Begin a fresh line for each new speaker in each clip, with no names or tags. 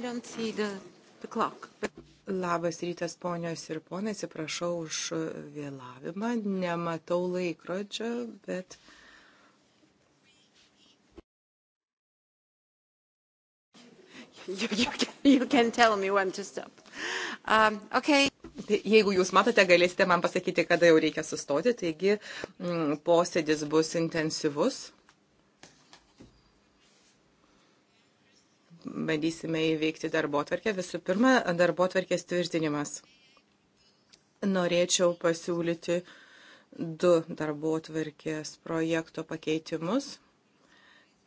the, the clock, but... Labas rytas, ponios ir ponai, atsiprašau už e, vėlavimą, nematau laikrodžio, bet. You, you, can, you can tell me when to stop. Um, okay. Tai jeigu jūs matote, galėsite man pasakyti, kada jau reikia sustoti, taigi m, mm, posėdis bus intensyvus. bandysime įveikti darbo atvarkę. Visų pirma, darbo atvarkės tvirtinimas. Norėčiau pasiūlyti du darbo atvarkės projekto pakeitimus.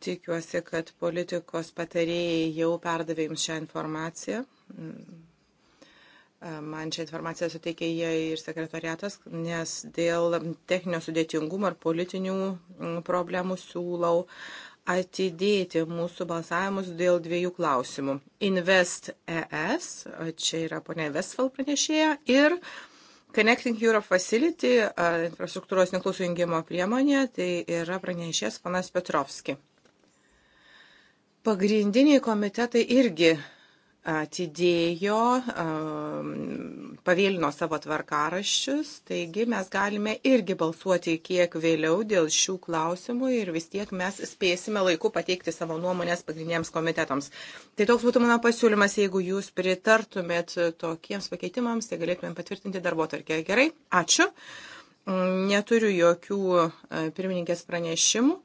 Tikiuosi, kad politikos patarėjai jau perdavė jums šią informaciją. Man šią informaciją suteikė jie ir sekretariatas, nes dėl techninio sudėtingumo ir politinių problemų siūlau atidėti mūsų balsavimus dėl dviejų klausimų. Invest ES, čia yra ponia Westfall pranešėja, ir Connecting Europe Facility, infrastruktūros tinklų sujungimo priemonė, tai yra pranešės panas Petrovski. Pagrindiniai komitetai irgi atidėjo pavėlino savo tvarkaraščius, taigi mes galime irgi balsuoti kiek vėliau dėl šių klausimų ir vis tiek mes spėsime laiku pateikti savo nuomonės pagrindiniams komitetams. Tai toks būtų mano pasiūlymas, jeigu jūs pritartumėt tokiems pakeitimams, tai galėtumėm patvirtinti darbo tarkę. Gerai, ačiū. Neturiu jokių e, pirmininkės pranešimų,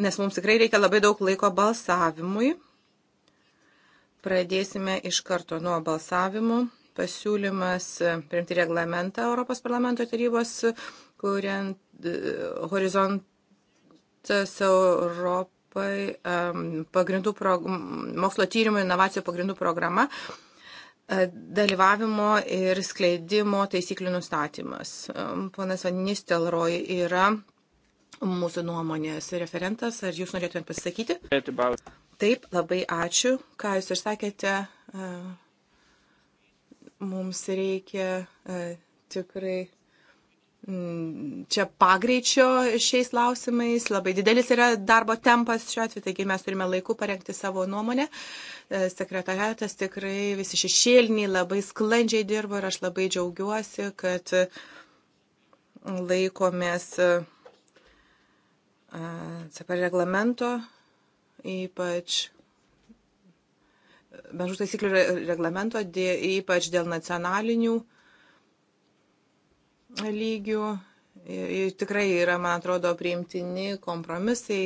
nes mums tikrai reikia labai daug laiko balsavimui. Pradėsime iš karto nuo balsavimų pasiūlymas e, priimti reglamentą Europos parlamento tarybos, e, kuriant e, horizontas Europai pagrindų mokslo tyrimų inovacijų pagrindų programa dalyvavimo ir skleidimo taisyklių nustatymas. Ponas Vaninis Telroj yra mūsų nuomonės referentas. Ar jūs norėtumėt pasisakyti?
Taip,
labai ačiū. Ką jūs ir sakėte, Mums reikia e, tikrai mm, čia pagreičio šiais klausimais, labai didelis yra darbo tempas šiuo atveju, taigi mes turime laiku parengti savo nuomonę. E, sekretariatas tikrai visi šešėliniai labai sklandžiai dirbo ir aš labai džiaugiuosi, kad laikomės CPR e, reglamento, ypač bendrų taisyklių reglamento, dė, ypač dėl nacionalinių lygių. Ir tikrai yra, man atrodo, priimtini kompromisai,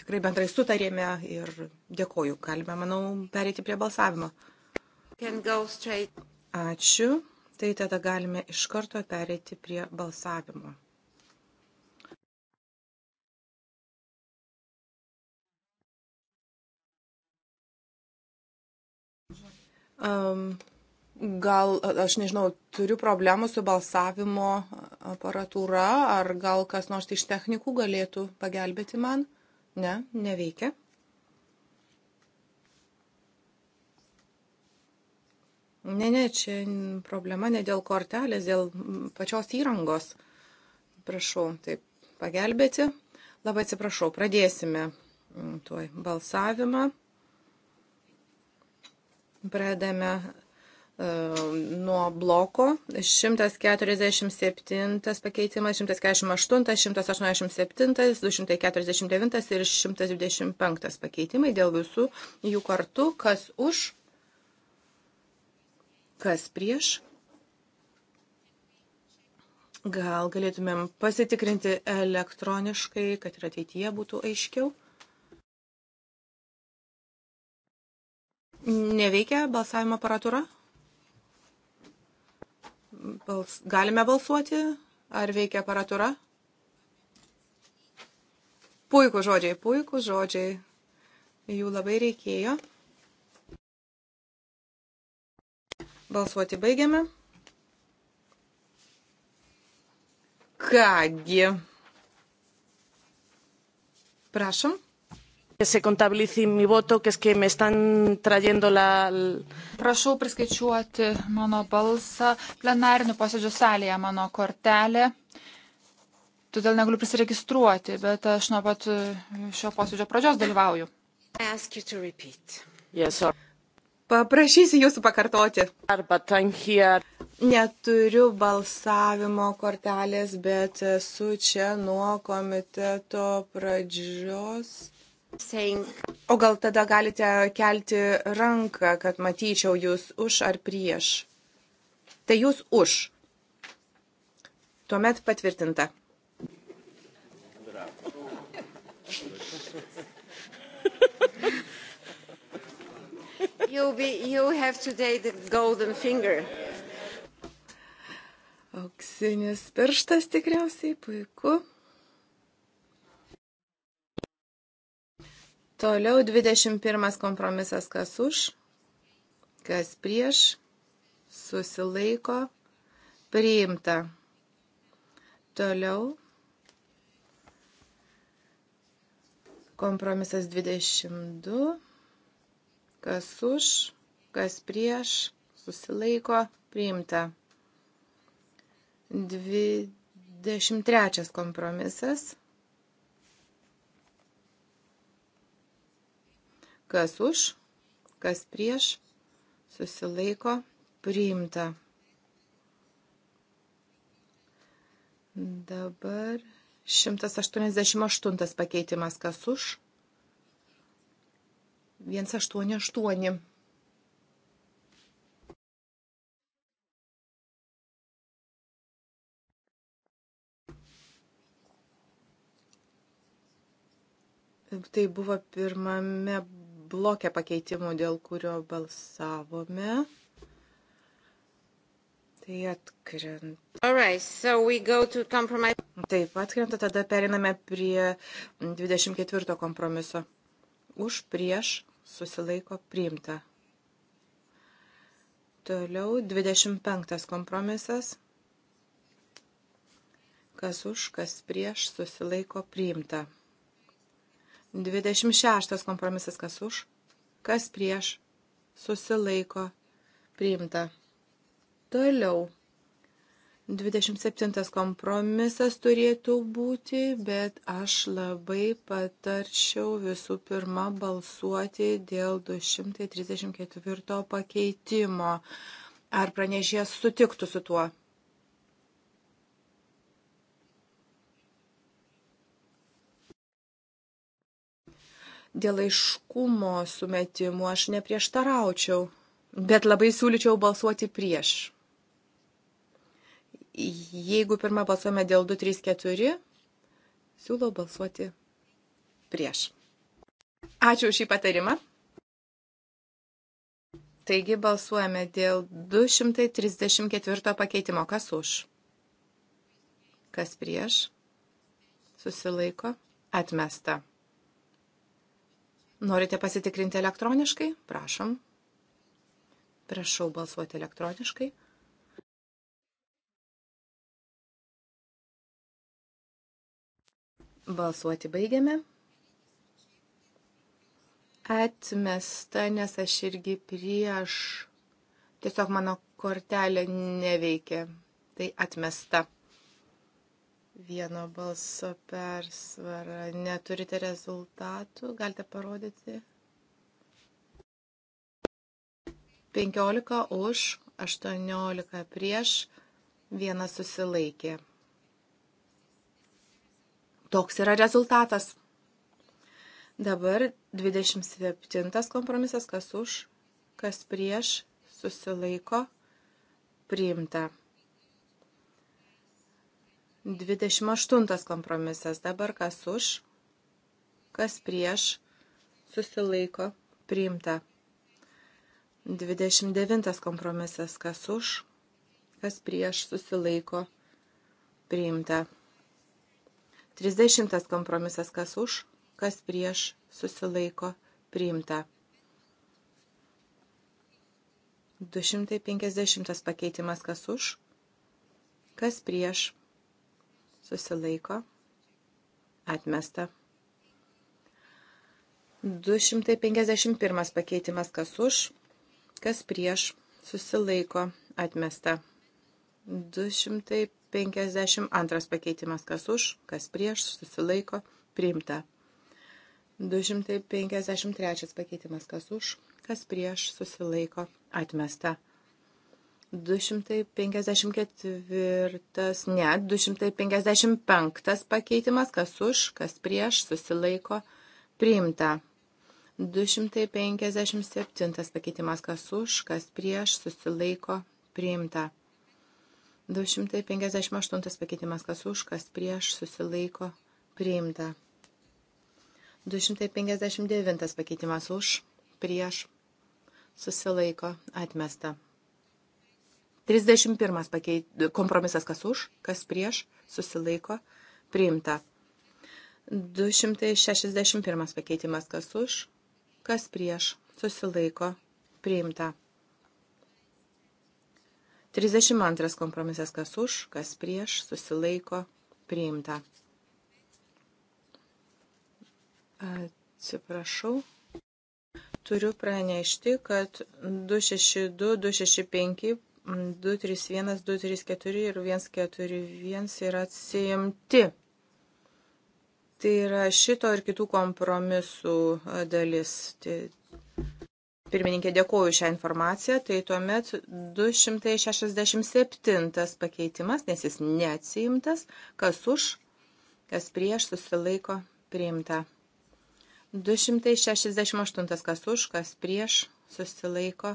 tikrai bendrai sutarėme ir dėkoju. Galime, manau, perėti prie balsavimo. Ačiū. Tai tada galime iš karto perėti prie balsavimo. Um, gal, aš nežinau, turiu problemų su balsavimo aparatūra, ar gal kas nors iš technikų galėtų pagelbėti man? Ne, neveikia. Ne, ne, čia problema ne dėl kortelės, dėl pačios įrangos. Prašau, taip, pagelbėti. Labai atsiprašau, pradėsime mm, tuoj balsavimą. Pradame e, nuo bloko 147 pakeitimas, 148, 187, 249 ir 125 pakeitimai dėl visų jų kartu, kas už, kas prieš. Gal galėtumėm pasitikrinti elektroniškai, kad ir ateityje būtų aiškiau. Neveikia balsavimo aparatūra? Bals... Galime balsuoti? Ar veikia aparatūra? Puikų žodžiai, puikų žodžiai. Jų labai reikėjo. Balsuoti baigiame. Kągi. Prašom se contabilice mi voto, que es que me
están trayendo la... Prašau priskaičiuoti mano balsą plenarinių posėdžių salėje mano kortelė. Todėl negaliu prisiregistruoti, bet aš nuo pat e, šio posėdžio pradžios dalyvauju.
Yes, Paprašysiu jūsų pakartoti. Arba tankija. Neturiu balsavimo kortelės, bet esu čia nuo komiteto pradžios O gal tada galite kelti ranką, kad matyčiau jūs už ar prieš. Tai jūs už. Tuomet patvirtinta. You, be, you have today the golden finger. Auksinis pirštas tikriausiai puiku. Toliau 21 kompromisas, kas už, kas prieš, susilaiko, priimta. Toliau kompromisas 22, kas už, kas prieš, susilaiko, priimta. 23 kompromisas Kas už, kas prieš, susilaiko, priimta. Dabar 188 pakeitimas, kas už. 188. Tai buvo pirmame blokė pakeitimų, dėl kurio balsavome. Tai atkrenta. Right, so Taip, atkrenta, tada periname prie 24 kompromiso. Už prieš susilaiko priimta. Toliau 25 kompromisas. Kas už, kas prieš susilaiko priimta. 26 kompromisas kas už, kas prieš, susilaiko, priimta. Toliau. 27 kompromisas turėtų būti, bet aš labai patarčiau visų pirma balsuoti dėl 234 pakeitimo. Ar pranešėjas sutiktų su tuo? Dėl aiškumo sumetimų aš neprieštaraučiau, bet labai siūlyčiau balsuoti prieš. Jeigu pirmą balsuome dėl 2, 3, 4, siūlau balsuoti prieš. Ačiū už šį patarimą. Taigi balsuojame dėl 234 pakeitimo. Kas už? Kas prieš? Susilaiko? Atmesta. Norite pasitikrinti elektroniškai? Prašom. Prašau balsuoti elektroniškai. Balsuoti baigiame. Atmesta, nes aš irgi prieš. Tiesiog mano kortelė neveikia. Tai atmesta vieno balso persvarą. Neturite rezultatų, galite parodyti. 15 už, 18 prieš, vienas susilaikė. Toks yra rezultatas. Dabar 27 kompromisas, kas už, kas prieš, susilaiko, priimta. 28 kompromisas. Dabar kas už, kas prieš, susilaiko, priimta. 29 kompromisas. Kas už, kas prieš, susilaiko, priimta. 30 kompromisas. Kas už, kas prieš, susilaiko, priimta. 250 pakeitimas. Kas už, kas prieš, susilaiko, atmesta. 251 pakeitimas kas už, kas prieš, susilaiko, atmesta. 252 pakeitimas kas už, kas prieš, susilaiko, priimta. 253 pakeitimas kas už, kas prieš, susilaiko, atmesta. 254, ne, 255 pakeitimas, kas už, kas prieš, susilaiko, priimta. 257 pakeitimas, kas už, kas prieš, susilaiko, priimta. 258 pakeitimas, kas už, kas prieš, susilaiko, priimta. 259 pakeitimas už, prieš, susilaiko, atmesta. 31 pakeit, kompromisas kas už, kas prieš, susilaiko, priimta. 261 pakeitimas kas už, kas prieš, susilaiko, priimta. 32 kompromisas kas už, kas prieš, susilaiko, priimta. Atsiprašau turiu pranešti, kad 262, 265 231, 234 ir 141 yra atsiimti. Tai yra šito ir kitų kompromisų dalis. Tai Pirmininkė, dėkoju šią informaciją. Tai tuomet 267 pakeitimas, nes jis neatsiimtas. Kas už, kas prieš susilaiko priimta. 268 kas už, kas prieš susilaiko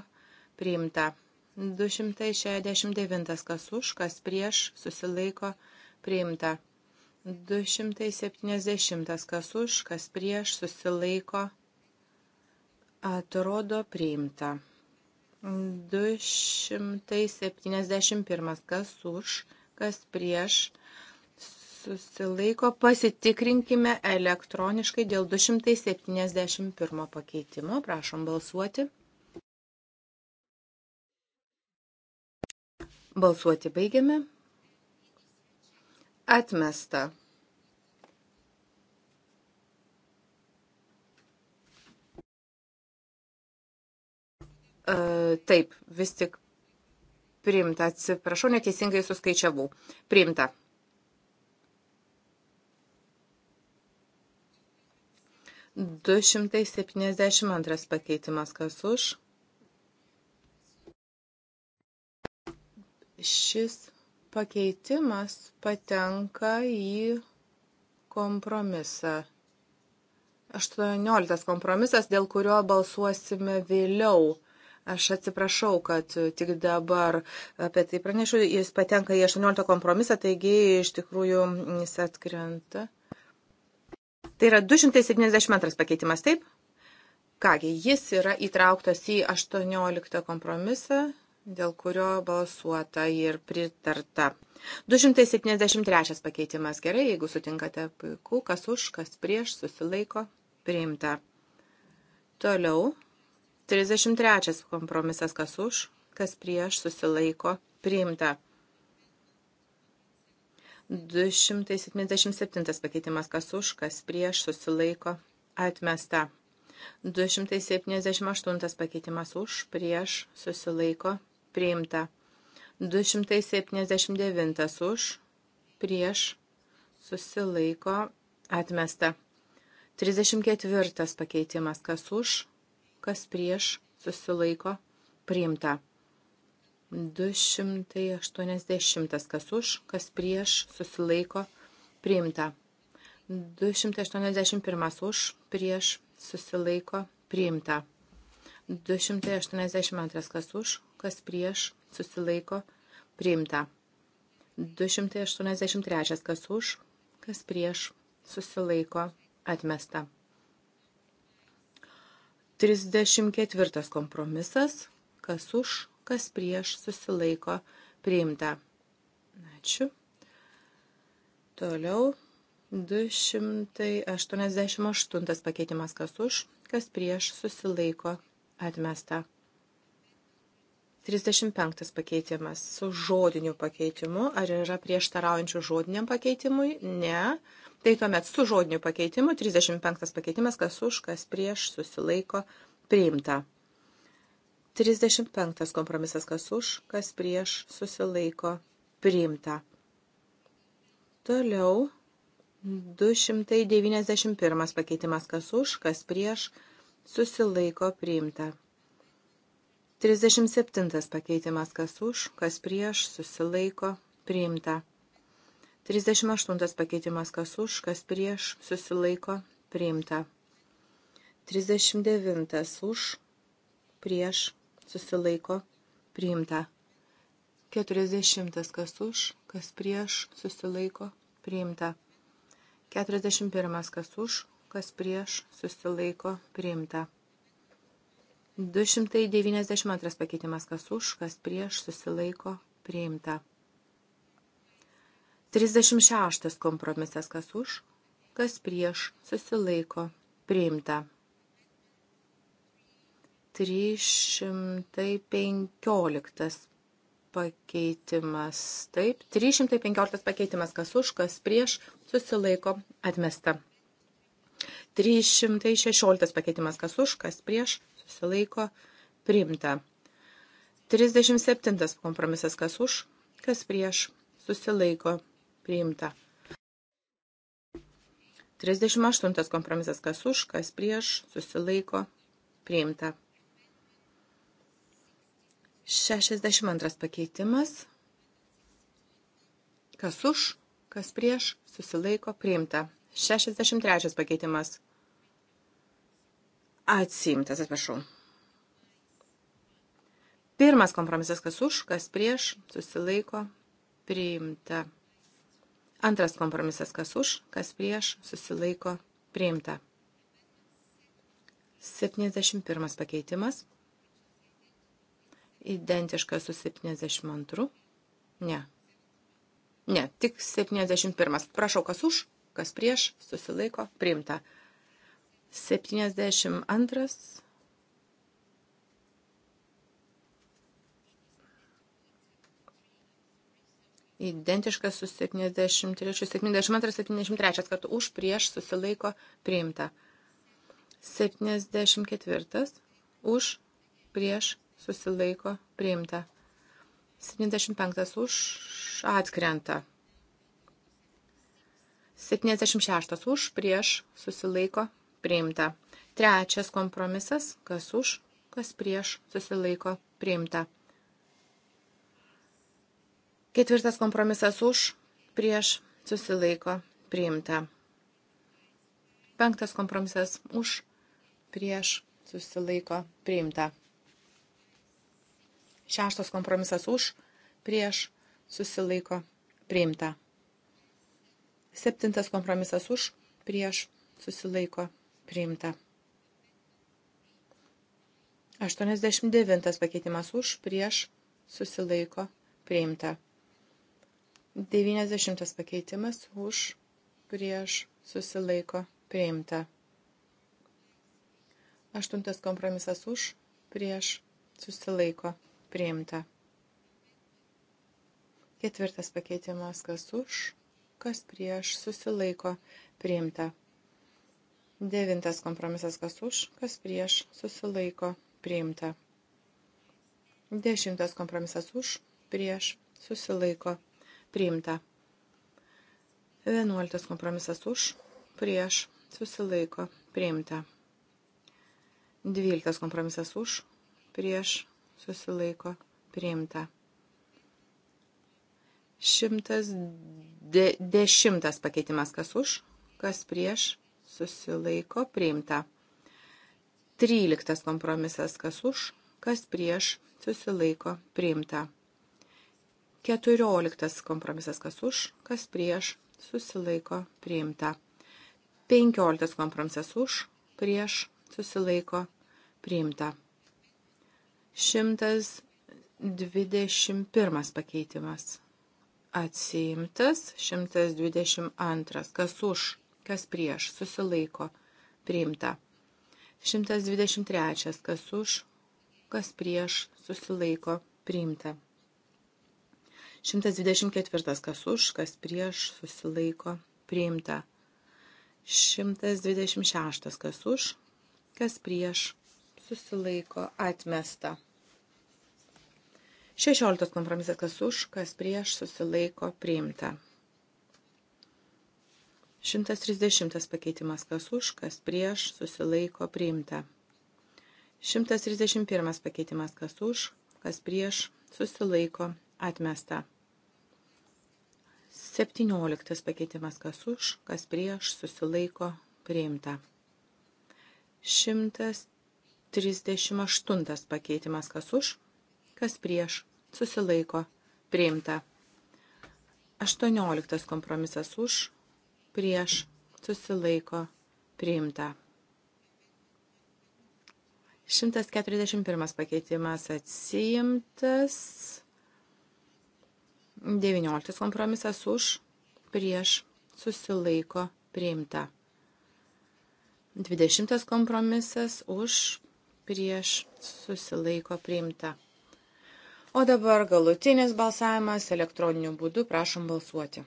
priimta. 269 kas už, kas prieš susilaiko priimta. 270 kas už, kas prieš susilaiko atrodo priimta. 271 kas už, kas prieš susilaiko. Pasitikrinkime elektroniškai dėl 271 pakeitimo. Prašom balsuoti. Balsuoti baigiame. Atmesta. E, taip, vis tik priimta. Atsiprašau, neteisingai suskaičiavau. Priimta. Du šimtai septyniasdešimt antras pakeitimas. Kas už? Šis pakeitimas patenka į kompromisą. 18 kompromisas, dėl kurio balsuosime vėliau. Aš atsiprašau, kad tik dabar apie tai pranešu. Jis patenka į 18 kompromisą, taigi iš tikrųjų jis atkrenta. Tai yra 272 pakeitimas, taip? Kągi, jis yra įtrauktas į 18 kompromisą dėl kurio balsuota ir pritarta. 273 pakeitimas gerai, jeigu sutinkate puiku, kas už, kas prieš, susilaiko, priimta. Toliau, 33 kompromisas, kas už, kas prieš, susilaiko, priimta. 277 pakeitimas, kas už, kas prieš, susilaiko, atmesta. 278 pakeitimas už, prieš, susilaiko, priimta. 279 už, prieš, susilaiko, atmesta. 34 pakeitimas, kas už, kas prieš, susilaiko, priimta. 280 kas už, kas prieš, susilaiko, priimta. 281 už, prieš, susilaiko, priimta. 282 kas už, kas prieš, susilaiko, priimta. 283, kas už, kas prieš, susilaiko, atmesta. 34 kompromisas, kas už, kas prieš, susilaiko, priimta. Ačiū. Toliau 288 pakeitimas, kas už, kas prieš, susilaiko, atmesta. 35 pakeitimas su žodiniu pakeitimu. Ar yra prieštaraujančių žodiniam pakeitimui? Ne. Tai tuomet su žodiniu pakeitimu 35 pakeitimas, kas už, kas prieš, susilaiko, priimta. 35 kompromisas, kas už, kas prieš, susilaiko, priimta. Toliau 291 pakeitimas, kas už, kas prieš, susilaiko, priimta. 37 pakeitimas kas už, kas prieš, susilaiko, priimta. 38 pakeitimas kas už, kas prieš, susilaiko, priimta. 39 už, prieš, susilaiko, priimta. 40 kas už, kas prieš, susilaiko, priimta. 41 kas už, kas prieš, susilaiko, priimta. 292 pakeitimas, kas už, kas prieš, susilaiko, priimta. 36 kompromisas, kas už, kas prieš, susilaiko, priimta. 315 pakeitimas, taip, 315 pakeitimas, kas už, kas prieš, susilaiko, atmesta. 316 pakeitimas, kas už, kas prieš, susilaiko priimta. 37 kompromisas kas už, kas prieš susilaiko priimta. 38 kompromisas kas už, kas prieš, susilaiko, priimta. 62 pakeitimas. Kas už, kas prieš, susilaiko, priimta. 63 pakeitimas. Atsimtas, atsiprašau. Pirmas kompromisas, kas už, kas prieš, susilaiko, priimta. Antras kompromisas, kas už, kas prieš, susilaiko, priimta. 71 pakeitimas. Identiškas su 72. Ne. Ne, tik 71. Prašau, kas už, kas prieš, susilaiko, priimta. 72. Identiškas su 73, 72, 73 kartu už prieš susilaiko priimta. 74 už prieš susilaiko priimta. 75 už atkrenta. 76 už prieš susilaiko priimta. Trečias kompromisas, kas už, kas prieš, susilaiko, priimta. Ketvirtas kompromisas už, prieš, susilaiko, priimta. Penktas kompromisas už, prieš, susilaiko, priimta. Šeštas kompromisas už, prieš, susilaiko, priimta. Septintas kompromisas už, prieš, susilaiko, priimta. 89 pakeitimas už, prieš, susilaiko, priimta. 90 pakeitimas už, prieš, susilaiko, priimta. 8 kompromisas už, prieš, susilaiko, priimta. Ketvirtas pakeitimas, kas už, kas prieš, susilaiko, priimta. Devintas kompromisas kas už, kas prieš, susilaiko, priimta. Dešimtas kompromisas už, prieš, susilaiko, priimta. Vienuoliktas kompromisas už, prieš, susilaiko, priimta. Dvyliktas kompromisas už, prieš, susilaiko, priimta. Šimtas de, dešimtas pakeitimas kas už, kas prieš, susilaiko priimta. 13 kompromisas kas už, kas prieš susilaiko priimta. 14 kompromisas kas už, kas prieš susilaiko priimta. 15 kompromisas už, prieš susilaiko priimta. 121 pakeitimas. Atsiimtas 122. Kas už, kas prieš, susilaiko, priimta. 123, kas už, kas prieš, susilaiko, priimta. 124, kas už, kas prieš, susilaiko, priimta. 126, kas už, kas prieš, susilaiko, atmesta. 16 kompromisas, kas už, kas prieš, susilaiko, priimta. 130 pakeitimas kas už, kas prieš, susilaiko priimta. 131 pakeitimas kas už, kas prieš, susilaiko atmesta. 17 pakeitimas kas už, kas prieš, susilaiko priimta. 138 pakeitimas kas už, kas prieš, susilaiko priimta. 18 kompromisas už, prieš susilaiko priimta. 141 pakeitimas atsiimtas. 19 kompromisas už prieš susilaiko priimta. 20 kompromisas už prieš susilaiko priimta. O dabar galutinis balsavimas elektroniniu būdu prašom balsuoti.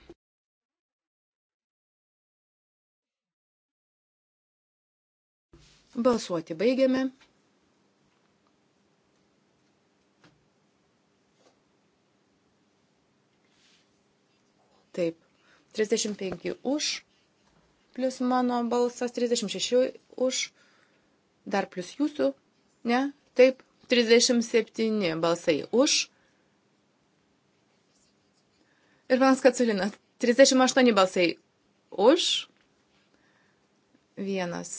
Balsuoti baigiame. Taip, 35 už, plus mano balsas 36 už, dar plus jūsų, ne, taip, 37 balsai už. Ir vienas kaculinas, 38 balsai už, vienas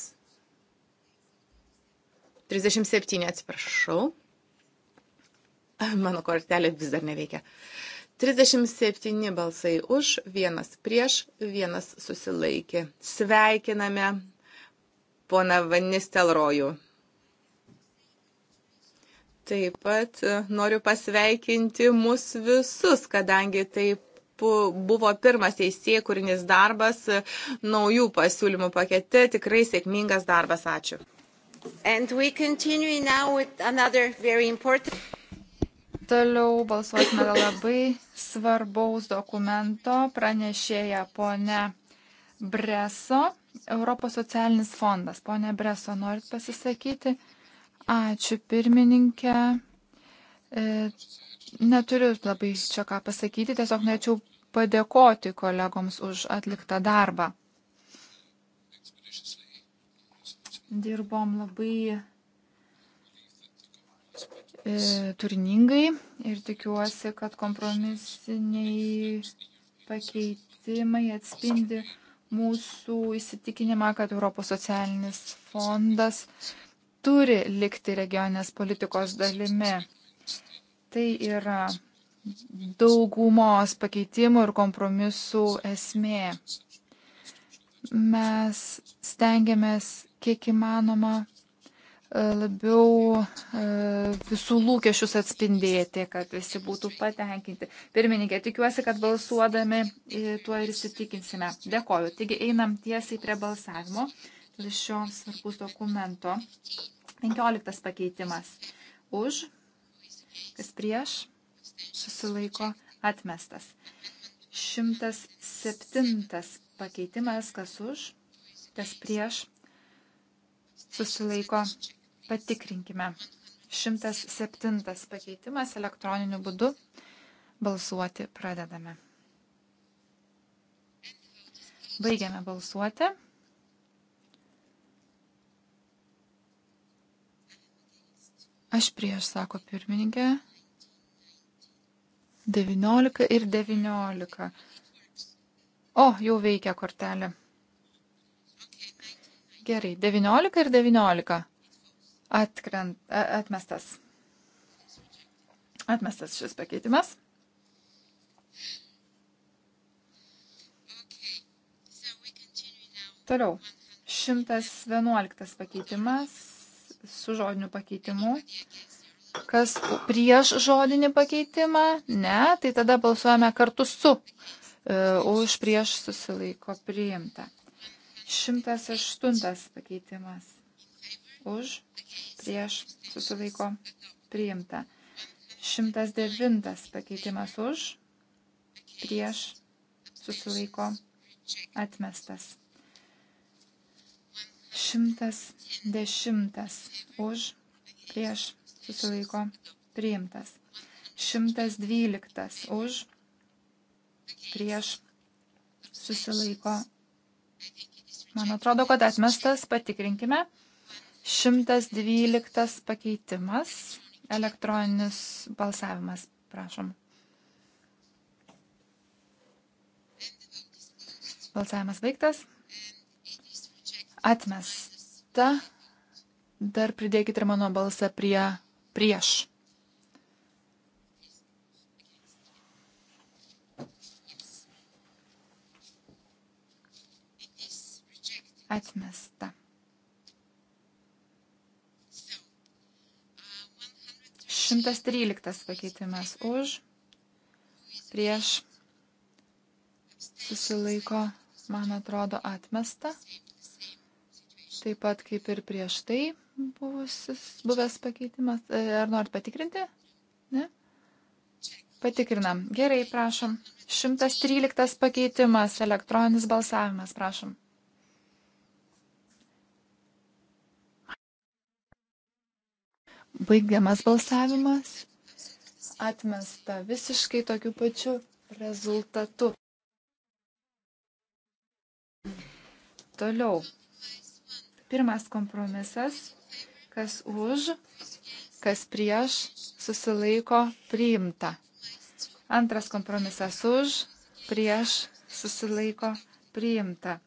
37, atsiprašau. Mano kortelė vis dar neveikia. 37 balsai už, vienas prieš, vienas susilaikė. Sveikiname pona Vanis Telrojų. Taip pat noriu pasveikinti mus visus, kadangi taip buvo pirmas teisėjų kūrinis darbas naujų pasiūlymų pakete. Tikrai sėkmingas darbas. Ačiū. And we continue now with another very important.
Toliau balsuosime labai svarbaus dokumento pranešėja ponia Breso, Europos socialinis fondas. Pone Breso, norit pasisakyti? Ačiū pirmininkė. E, neturiu labai čia ką pasakyti, tiesiog norėčiau padėkoti kolegoms už atliktą darbą. dirbom labai e, turiningai ir tikiuosi, kad kompromisiniai pakeitimai atspindi mūsų įsitikinimą, kad Europos socialinis fondas turi likti regionės politikos dalimi. Tai yra daugumos pakeitimų ir kompromisų esmė. Mes stengiamės kiek įmanoma e, labiau e, visų lūkesčius atspindėti, kad visi būtų patenkinti. Pirmininkė, tikiuosi, kad balsuodami e, tuo ir įsitikinsime. Dėkoju. Taigi einam tiesiai prie balsavimo dėl šio svarbus dokumento. 15 pakeitimas. Už, kas prieš, susilaiko atmestas. 107 pakeitimas, kas už, kas prieš, susilaiko, patikrinkime. 107 pakeitimas elektroniniu būdu. Balsuoti pradedame. Baigiame balsuoti. Aš prieš, sako pirmininkė. 19 ir 19. O, jau veikia kortelė. Gerai, 19 ir 19. Atkrent, atmestas. Atmestas šis pakeitimas. Toliau. 111 pakeitimas su žodiniu pakeitimu. Kas prieš žodinį pakeitimą? Ne, tai tada balsuojame kartu su. Uh, už prieš susilaiko priimta. 108 pakeitimas. Už, prieš, susilaiko, priimta. 109 pakeitimas už, prieš, susilaiko, atmestas. 110 už, prieš, susilaiko, priimtas. 112 už, prieš, susilaiko, Man atrodo, kad atmestas, patikrinkime. 112 pakeitimas, elektroninis balsavimas, prašom. Balsavimas baigtas. Atmesta. Dar pridėkite ir mano balsą prie prieš. atmesta. 113 pakeitimas už, prieš, susilaiko, man atrodo, atmesta. Taip pat kaip ir prieš tai buvusis, buvęs pakeitimas. E, ar norit patikrinti? Ne? Patikrinam. Gerai, prašom. 113 pakeitimas, elektroninis balsavimas, prašom. Baigiamas balsavimas. Atmesta visiškai tokiu pačiu rezultatu. Toliau. Pirmas kompromisas. Kas už, kas prieš, susilaiko priimta. Antras kompromisas už, prieš, susilaiko priimta.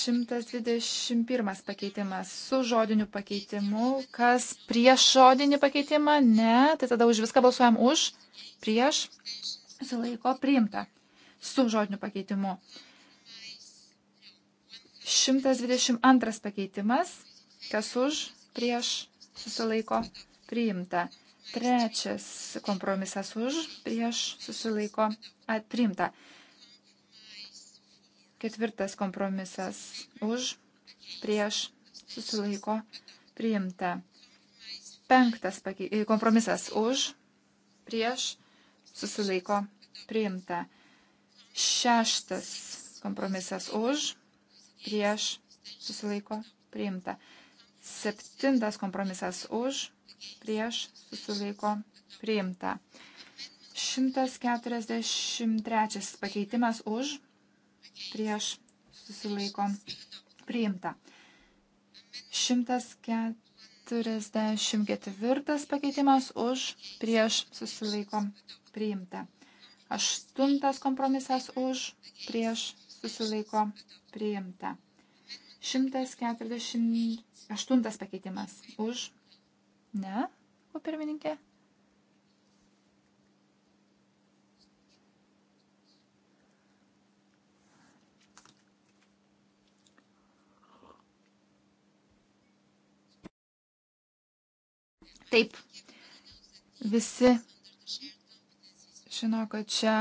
121 pakeitimas su žodiniu pakeitimu. Kas prieš žodinį pakeitimą? Ne. Tai tada už viską balsuojam už. Prieš. Susilaiko priimta. Su žodiniu pakeitimu. 122 pakeitimas. Kas už? Prieš. Susilaiko priimta. Trečias kompromisas už. Prieš. Susilaiko priimta. Ketvirtas kompromisas už, prieš, susilaiko, priimta. Penktas pakei... E, kompromisas už, prieš, susilaiko, priimta. Šeštas kompromisas už, prieš, susilaiko, priimta. Septintas kompromisas už, prieš, susilaiko, priimta. 143 pakeitimas už, prieš susilaiko priimta. 144 pakeitimas už prieš susilaiko priimta. 8 kompromisas už prieš susilaiko priimta. 148 pakeitimas už. Ne, o pirmininkė. Taip, visi žino, kad čia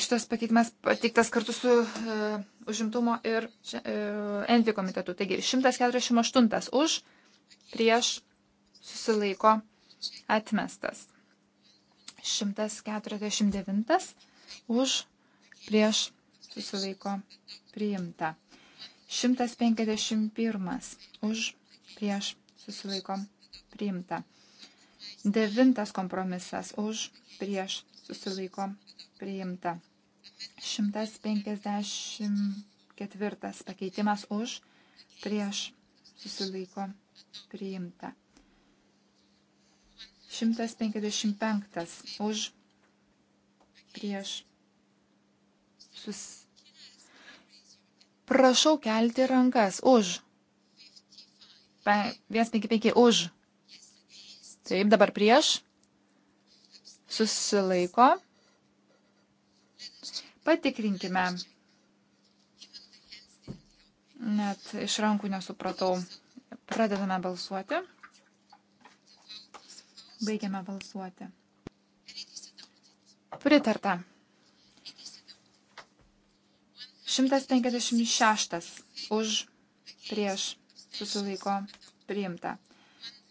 šitas pakeitimas pateiktas kartu su e, užimtumo ir e, Envi komitetu. Taigi 148 už, prieš susilaiko atmestas. 149 už, prieš susilaiko priimta. 151 už, prieš susilaiko priimta. Devintas kompromisas už prieš susilaiko priimta. 154 pakeitimas už prieš susilaiko priimta. 155 už prieš sus. Prašau kelti rankas už. 155 už Taip, dabar prieš. Susilaiko. Patikrinkime. Net iš rankų nesupratau. Pradedame balsuoti. Baigiame balsuoti. Pritarta. 156 už prieš susilaiko priimta.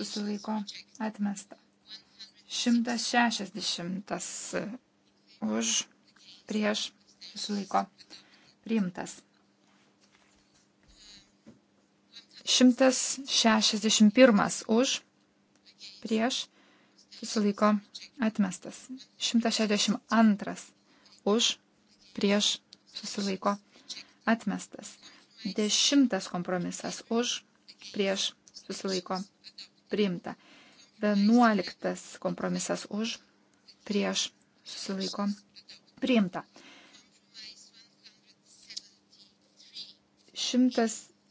susilaiko atmesta. 160 už prieš susilaiko priimtas. 161 už prieš susilaiko atmestas. 162 už prieš susilaiko atmestas. Dešimtas kompromisas už prieš susilaiko priimta. Vienuoliktas kompromisas už, prieš susilaiko priimta.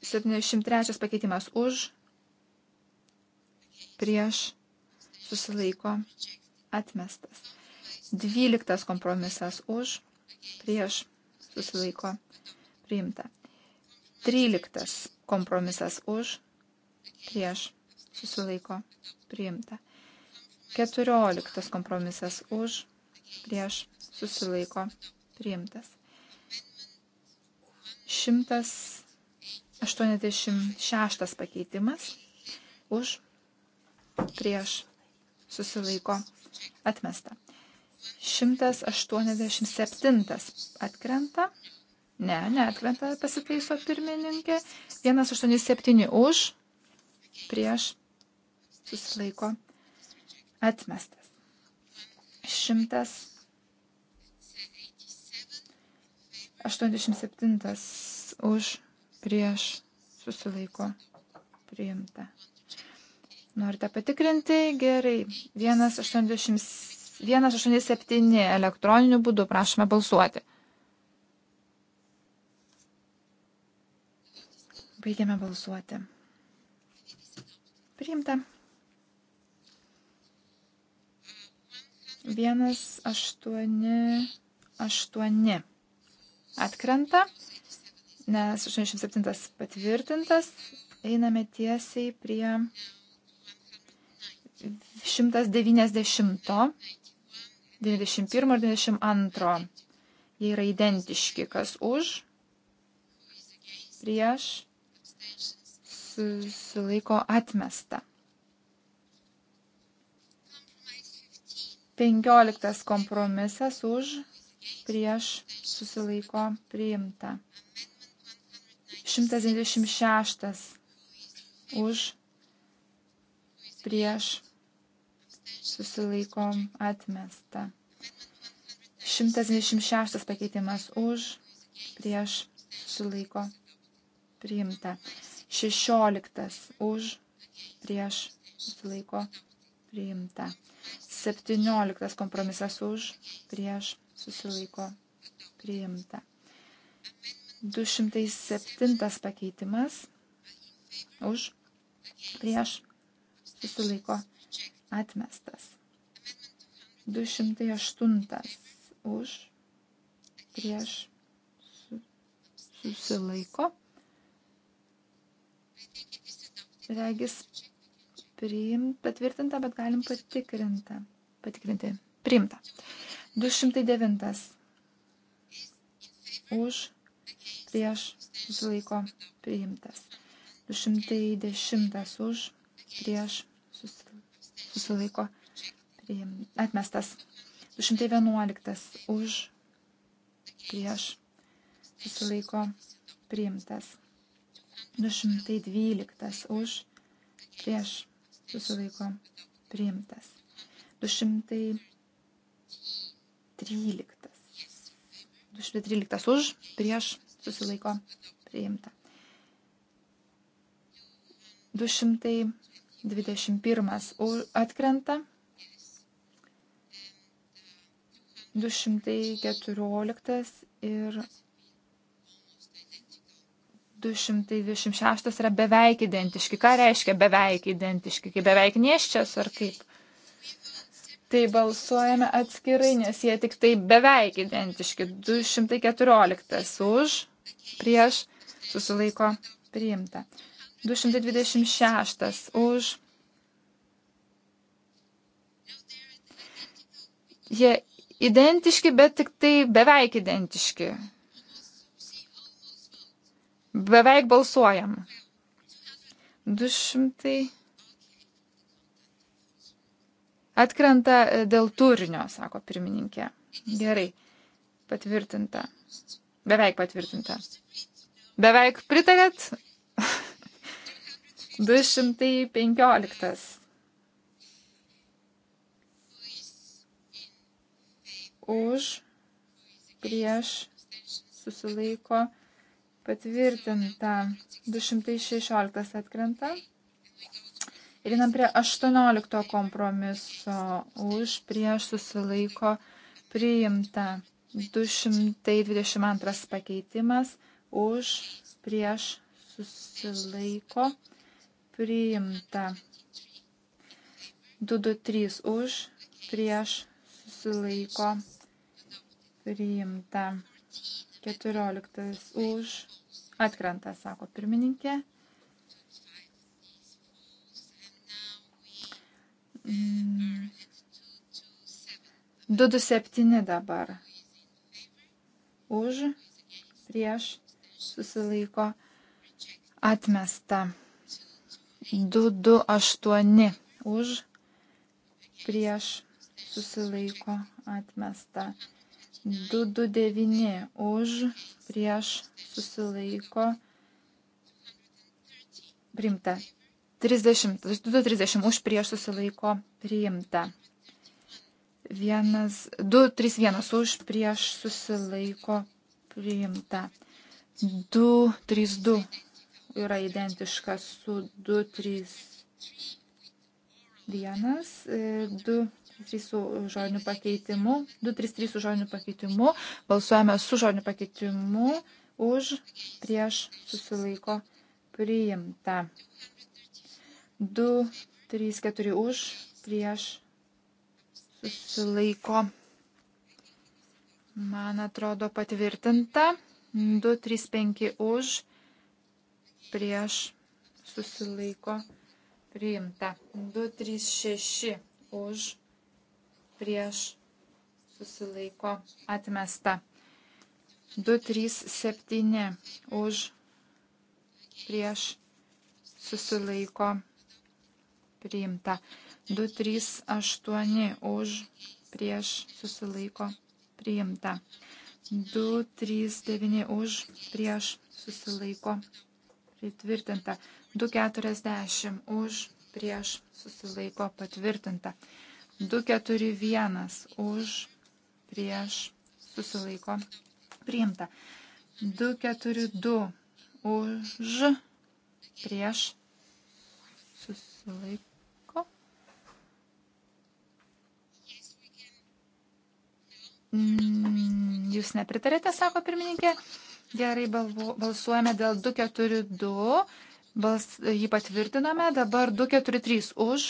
173 pakeitimas už, prieš susilaiko atmestas. 12 kompromisas už, prieš susilaiko priimta. 13 kompromisas už, prieš susilaiko priimta. 14 kompromisas už, prieš susilaiko priimtas. 186 pakeitimas už, prieš susilaiko atmesta. 187 atkrenta. Ne, neatkrenta, pasitaiso pirmininkė. 187 už, prieš susilaiko atmestas. 187 už prieš susilaiko priimta. Norite patikrinti? Gerai. 187 elektroniniu būdu prašome balsuoti. Baigiame balsuoti. Priimta. 188 atkrenta, nes 87 patvirtintas. Einame tiesiai prie 190, 91 ir 92. Jie yra identiški, kas už, prieš, susilaiko atmesta. 15 kompromisas už prieš susilaiko priimta. 196 už prieš susilaiko atmesta. 126 pakeitimas už prieš susilaiko priimta. 16 už prieš susilaiko priimta. 17 kompromisas už prieš susilaiko priimta. 207 pakeitimas už prieš susilaiko atmestas. 208 už prieš susilaiko regis priim, patvirtinta, bet galim patikrinta, patikrinti. Priimta. 209. Už, prieš, susilaiko, priimtas. 210 už, prieš, susilaiko, priim, atmestas. 211 už, prieš, susilaiko, priimtas. 212 už prieš susilaiko priimtas. 213. 213 už prieš susilaiko priimta. 221 atkrenta. 214 ir 226 yra beveik identiški. Ką reiškia beveik identiški? Kaip beveik nieščias ar kaip? Tai balsuojame atskirai, nes jie tik tai beveik identiški. 214 už, prieš, susilaiko priimta. 226 už. Jie identiški, bet tik tai beveik identiški. Beveik balsuojam. 200. Atkrenta e, dėl turinio, sako pirmininkė. Gerai. Patvirtinta. Beveik patvirtinta. Beveik pritarėt? 215. Už, prieš, susilaiko patvirtinta 216 atkrenta. Ir einam prie 18 kompromiso už prieš susilaiko priimta 222 pakeitimas už prieš susilaiko priimta 223 už prieš susilaiko priimta. 14 už atkrenta, sako pirmininkė. Mm. 227 dabar. Už, prieš, susilaiko, atmesta. 228 už, prieš, susilaiko, atmesta. 229 229 už, prieš susilaiko priimta. 30, 230 už, prieš susilaiko priimta. 1, 2, 3, 1 už, prieš susilaiko priimta. 2, 3, 2 yra identiška su 2, 3, 1, 2, 3 su žodiniu pakeitimu, 233 su žodiniu pakeitimu, balsuojame su žodiniu pakeitimu, už, prieš, susilaiko, priimta. 2, 3, 4 už, prieš, susilaiko, man atrodo patvirtinta, 2, 3, 5 už, prieš, susilaiko, priimta. 2, 3, 6 už, prieš susilaiko atmesta. 2, 3, 7 už prieš susilaiko priimta. 2, 3, 8 už prieš susilaiko priimta. 2, 3, 9 už prieš susilaiko pritvirtinta. 2, 40 už prieš susilaiko patvirtinta. 241 už, prieš, susilaiko, priimta. 242 už, prieš, susilaiko. Mm, jūs nepritarėte, sako pirmininkė. Gerai, balsuojame dėl 242. Bals, jį patvirtiname. Dabar 243 už,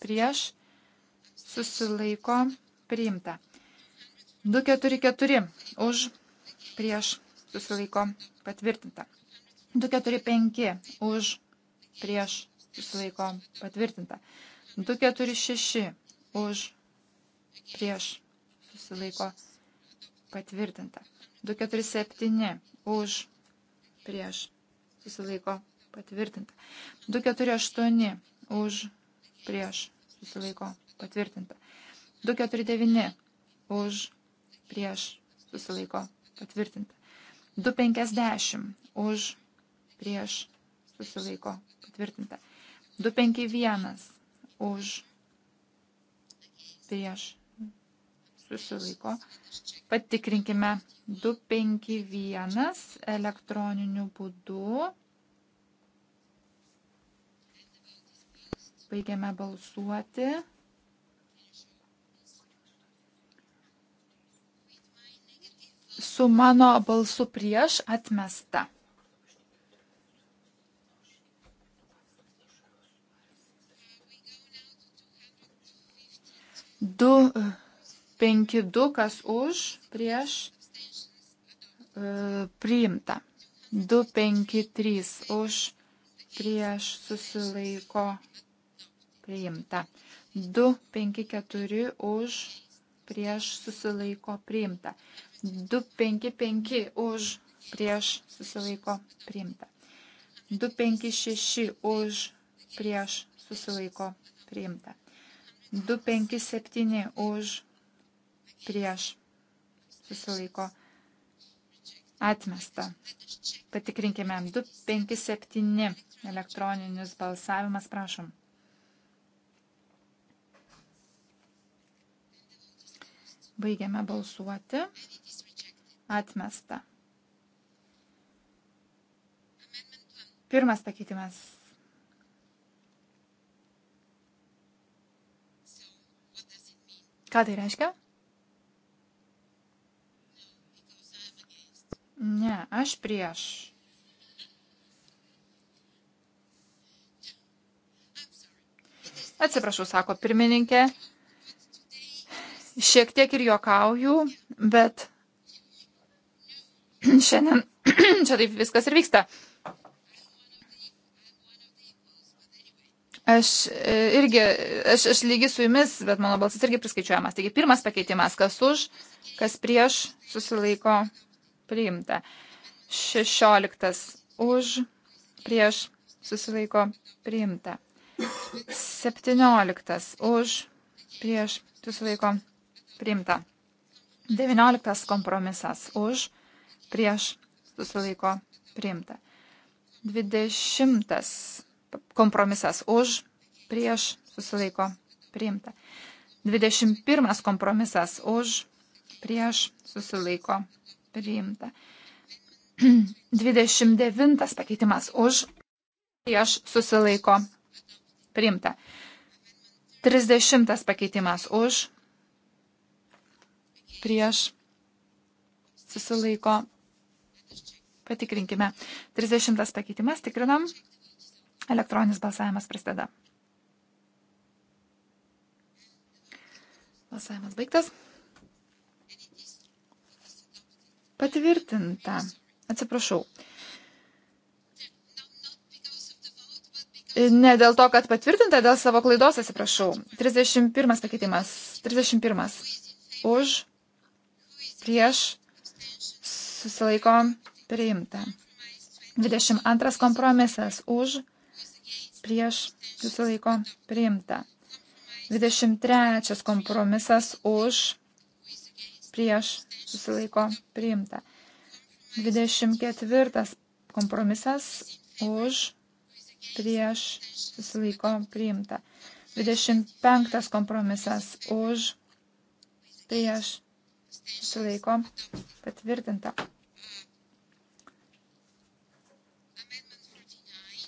prieš, susilaiko priimta. 244 už prieš susilaiko patvirtinta. 245 už prieš susilaiko patvirtinta. 246 už prieš susilaiko patvirtinta. 247 už prieš susilaiko patvirtinta. 248 už prieš susilaiko patvirtinta. 249 už prieš susilaiko patvirtinta. 250 už prieš susilaiko patvirtinta. 251 už prieš
susilaiko.
Patikrinkime 251 elektroniniu būdu. Baigiame balsuoti. su mano balsu prieš atmesta. Du, penki, du, kas už, prieš, e, priimta. Du, penki, trys, už, prieš, susilaiko, priimta. Du, penki, keturi, už, prieš, susilaiko, priimta. 255 už prieš susilaiko priimta. 256 už prieš susilaiko priimta. 257 už prieš susilaiko atmesta. Patikrinkime 257 elektroninis balsavimas, prašom. Baigiame balsuoti. Atmesta. Pirmas pakeitimas. Ką tai reiškia? Ne, aš prieš. Atsiprašau, sako pirmininkė šiek tiek ir juokauju, bet šiandien čia taip viskas ir vyksta. Aš e, irgi, aš, aš lygi su jumis, bet mano balsas irgi priskaičiuojamas. Taigi pirmas pakeitimas, kas už, kas prieš, susilaiko priimta. Šešioliktas už, prieš, susilaiko priimta. Septynioliktas už, prieš, susilaiko Priimta. 19 kompromisas už, prieš susilaiko priimta. 20 kompromisas už, prieš susilaiko priimta. 21 kompromisas už, prieš susilaiko priimta. 29 pakeitimas už, prieš susilaiko priimta. 30 pakeitimas už, prieš susilaiko. Patikrinkime. 30 pakeitimas tikrinam. Elektroninis balsavimas prasideda. Balsavimas baigtas. Patvirtinta. Atsiprašau. Ne dėl to, kad patvirtinta, dėl savo klaidos atsiprašau. 31 pakeitimas. 31. Už prieš susilaiko priimta. 22 kompromisas už prieš susilaiko priimta. 23 kompromisas už prieš susilaiko priimta. 24 kompromisas už prieš susilaiko priimta. 25 kompromisas už prieš susilaiko patvirtinta.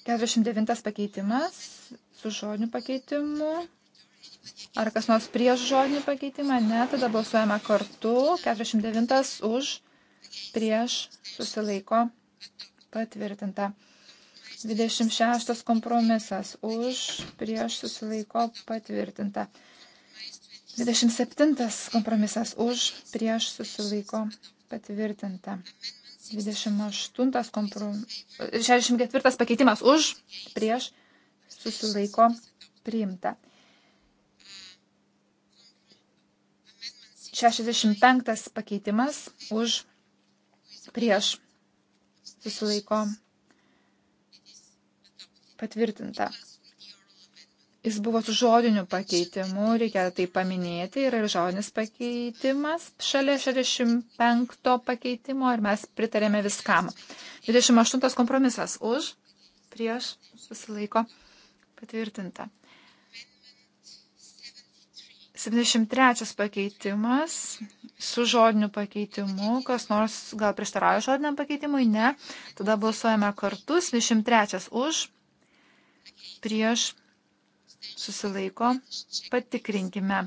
49 pakeitimas su žodiniu pakeitimu. Ar kas nors prieš žodinį pakeitimą? Ne, tada balsuojame kartu. 49 už, prieš, susilaiko, patvirtinta. 26 kompromisas už, prieš, susilaiko, patvirtinta. 27 kompromisas už, prieš susilaiko patvirtinta. 28 komprom... 64 pakeitimas už, prieš susilaiko priimta. 65 pakeitimas už, prieš susilaiko patvirtinta. Jis buvo su žodiniu pakeitimu, reikia tai paminėti, yra ir žodinis pakeitimas šalia 65 pakeitimo ir mes pritarėme viskam. 28 kompromisas už, prieš, susilaiko, patvirtinta. 73 pakeitimas su žodiniu pakeitimu, kas nors gal prieštarauja žodiniam pakeitimui, ne, tada balsuojame kartu, 73 už, prieš, susilaiko, patikrinkime.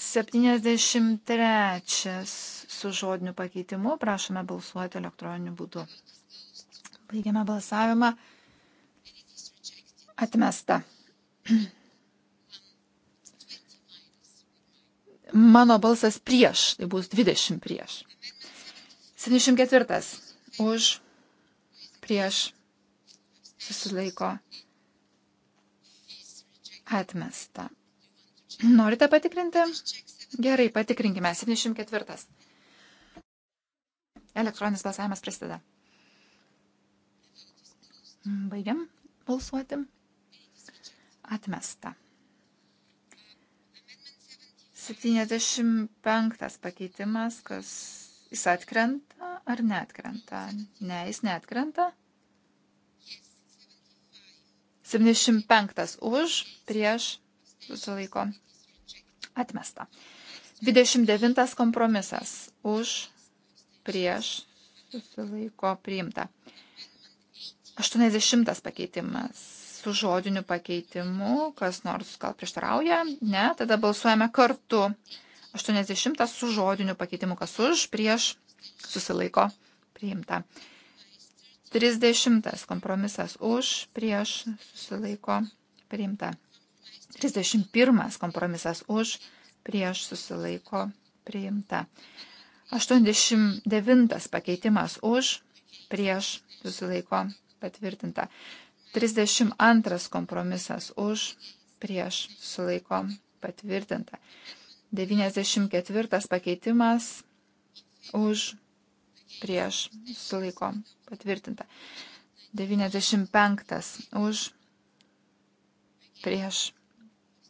73 su žodiniu pakeitimu, prašome balsuoti elektroniniu būdu. Baigiame balsavimą. Atmesta. Mano balsas prieš, tai bus 20 prieš. 74 už, prieš, susilaiko Atmesta. Norite patikrinti? Gerai, patikrinkime. 74. Elektroninis balsavimas prasideda. Baigiam balsuoti. Atmesta. 75 pakeitimas, kas jis atkrenta ar neatkrenta? Ne, jis neatkrenta. 75 už, prieš, susilaiko, atmesta. 29 kompromisas už, prieš, susilaiko, priimta. 80 pakeitimas su žodiniu pakeitimu, kas nors gal prieštarauja, ne, tada balsuojame kartu. 80 su žodiniu pakeitimu, kas už, prieš, susilaiko, priimta. 30 kompromisas už, prieš, susilaiko, priimta. 31 kompromisas už, prieš, susilaiko, priimta. 89 pakeitimas už, prieš, susilaiko, patvirtinta. 32 kompromisas už, prieš, susilaiko, patvirtinta. 94 pakeitimas už, prieš susilaiko patvirtinta. 95 už prieš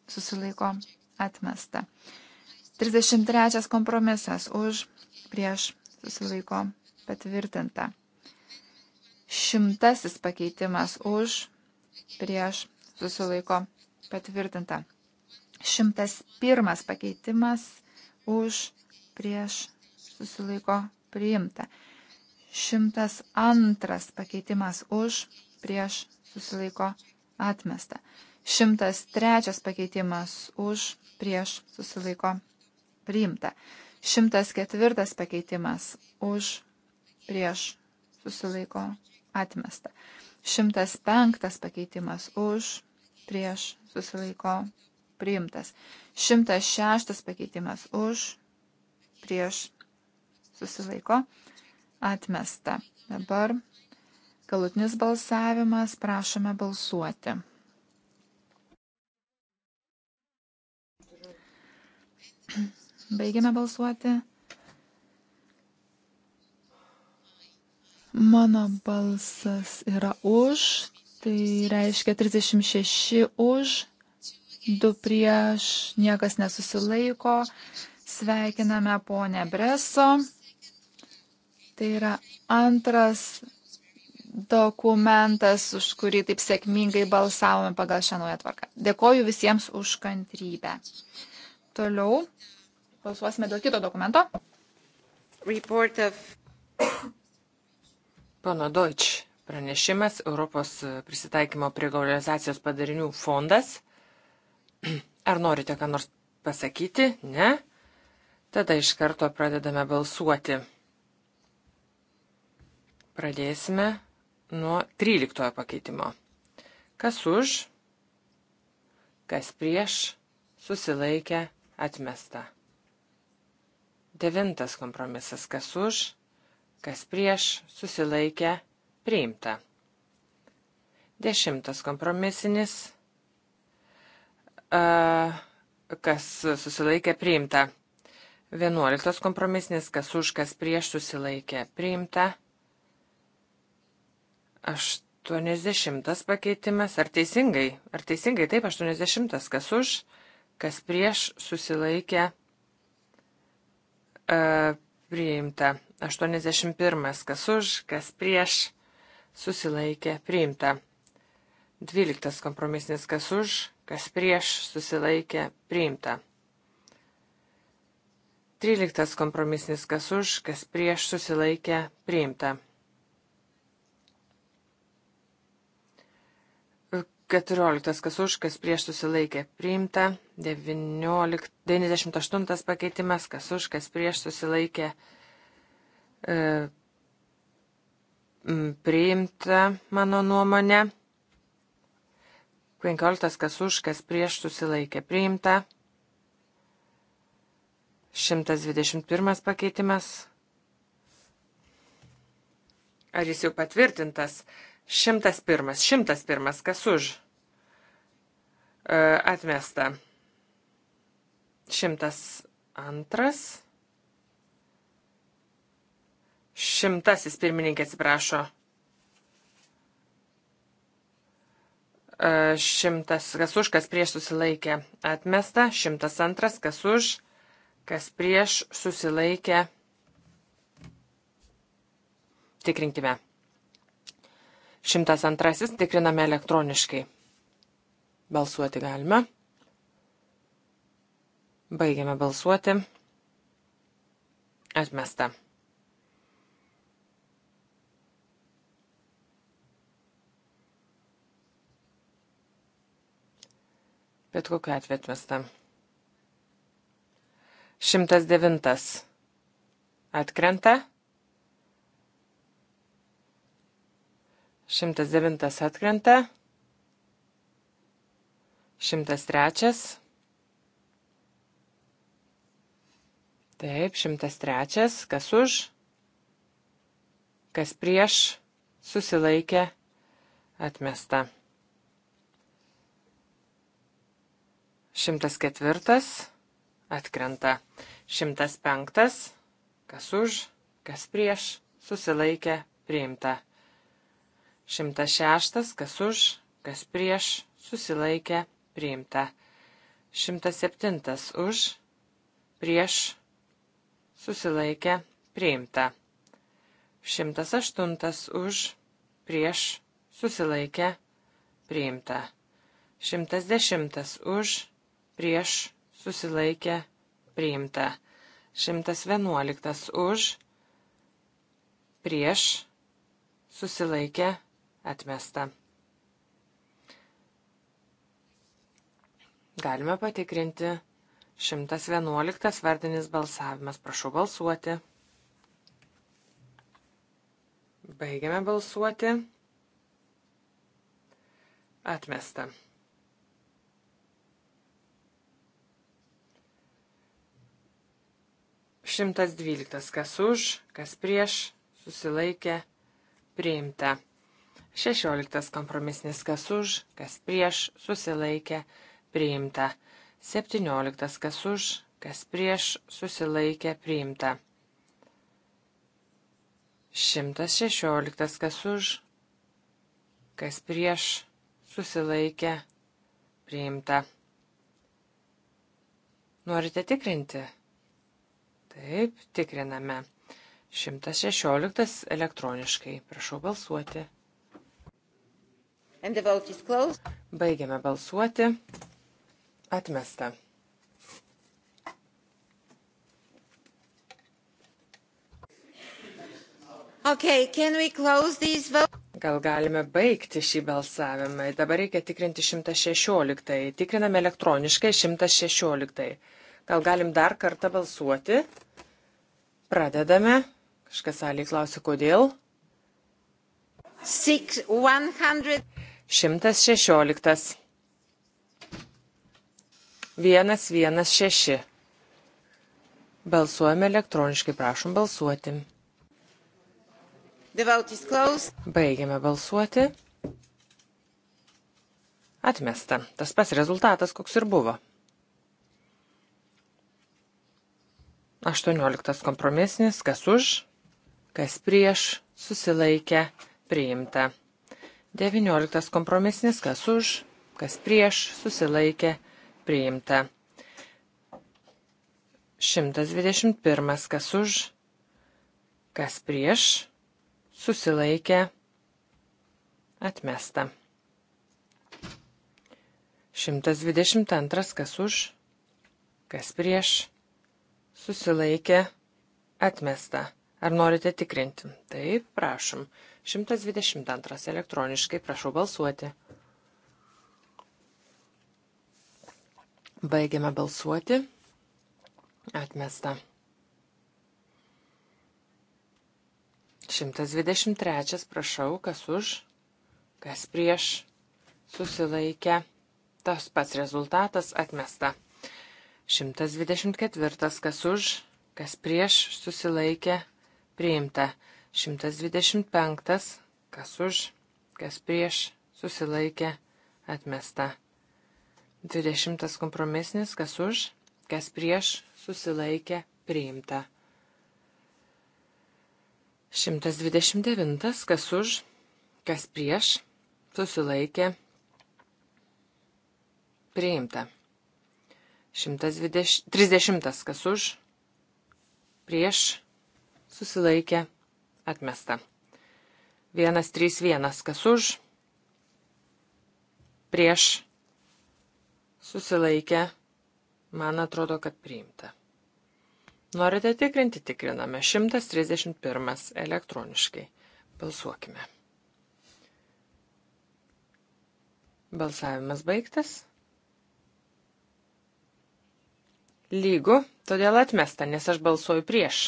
susilaiko atmesta. 33 kompromisas už prieš susilaiko patvirtinta. Šimtasis pakeitimas už prieš susilaiko patvirtinta. Šimtas pirmas pakeitimas už prieš susilaiko priimta. 102 pakeitimas už, prieš susilaiko atmesta. 103 pakeitimas už, prieš susilaiko priimta. 104 pakeitimas už, prieš susilaiko atmesta. 105 pakeitimas už, prieš susilaiko priimtas. 106 pakeitimas už, prieš susilaiko atmesta. Dabar galutinis balsavimas, prašome balsuoti. Baigiame balsuoti. Mano balsas yra už, tai reiškia 36 už, 2 prieš, niekas nesusilaiko. Sveikiname ponę Breso. Tai yra antras dokumentas, už kurį taip sėkmingai balsavome pagal šią naują tvarką. Dėkoju visiems už kantrybę. Toliau balsuosime dėl kito dokumento.
Report of... Pono Deutsch pranešimas Europos prisitaikymo prie globalizacijos padarinių fondas. Ar norite ką nors pasakyti? Ne? Tada iš karto pradedame balsuoti. Pradėsime nuo 13 pakeitimo. Kas už, kas prieš, susilaikę, atmesta. Devintas kompromisas. Kas už, kas prieš, susilaikę, priimta. Dešimtas kompromisinis. Kas susilaikė, priimta. Vienuoliktas kompromisinis. Kas už, kas prieš, susilaikė, priimta. 80 pakeitimas. Ar teisingai? Ar teisingai taip, 80. Kas už, kas prieš susilaikė e, priimta. 81. Kas už, kas prieš susilaikė priimta. 12. Kompromisinis kas už, kas prieš susilaikė priimta. 13. Kompromisinis kas už, kas prieš susilaikė priimta. 14. Kas už, kas prieš susilaikė priimta. 19, 98 pakeitimas. Kas už, kas prieš susilaikė e, priimta, mano nuomonė. 15. Kas už, kas prieš susilaikė priimta. 121 pakeitimas. Ar jis jau patvirtintas? Šimtas pirmas, šimtas pirmas, kas už? E, atmesta. Šimtas antras. Šimtasis pirmininkė atsiprašo. E, šimtas, kas už, kas prieš susilaikė atmesta. Šimtas antras, kas už, kas prieš susilaikė. Tikrinkime. 102 tikriname elektroniškai. Balsuoti galime. Baigiame balsuoti. Atmesta. Bet kokiu atveju atmesta. 109. Atkrenta. 109 atkrenta. 103. Taip, 103. Kas už? Kas prieš? Susilaikė. Atmesta. 104. Atkrenta. 105. Kas už? Kas prieš? Susilaikė. Priimta. 106, kas už, kas prieš, susilaikė, priimta. 107 už, prieš, susilaikė, priimta. 108 už, prieš, susilaikė, priimta. 110 už, prieš, susilaikė, priimta. 111 už, prieš, susilaikė, priimta Atmesta. Galime patikrinti. 111 vardinis balsavimas. Prašau balsuoti. Baigiame balsuoti. Atmesta. Šimtas dvyliktas, kas už, kas prieš, susilaikė, priimta. 16 kompromisinis kas už, kas prieš, susilaikė, priimta. 17 kas už, kas prieš, susilaikė, priimta. 116 kas už, kas prieš, susilaikė, priimta. Norite tikrinti? Taip, tikriname. 116 elektroniškai. Prašau balsuoti.
Baigiame
balsuoti. Atmesta. Okay, Gal galime baigti šį balsavimą. Dabar reikia tikrinti 116. Tikriname elektroniškai 116. Gal galim dar kartą balsuoti? Pradedame. Kažkas saliai klausia, kodėl.
Six, 100.
116. 116. Balsuojame elektroniškai, prašom balsuoti. Baigiame balsuoti. Atmesta. Tas pats rezultatas, koks ir buvo. 18 kompromisinis, kas už, kas prieš, susilaikė, priimta. 19 kompromisinis, kas už, kas prieš, susilaikė, priimta. 121, kas už, kas prieš, susilaikė, atmesta. 122, kas už, kas prieš, susilaikė, atmesta. Ar norite tikrinti? Taip, prašom. 122 elektroniškai, prašau balsuoti. Baigiame balsuoti. Atmesta. 123, prašau, kas už, kas prieš, susilaikę. Tas pats rezultatas atmesta. 124, kas už, kas prieš, susilaikė, priimta. 125. Kas už, kas prieš, susilaikė, atmesta. 20. Kompromisnis. Kas už, kas prieš, susilaikė, priimta. 129. Kas už, kas prieš, susilaikė, priimta. 130. Kas už, prieš, susilaikė, priimta Atmesta. 131. Kas už? Prieš. Susilaikę. Man atrodo, kad priimta. Norite tikrinti, tikriname. 131 elektroniškai. Balsuokime. Balsavimas baigtas. Lygu, todėl atmesta, nes aš balsuoju prieš.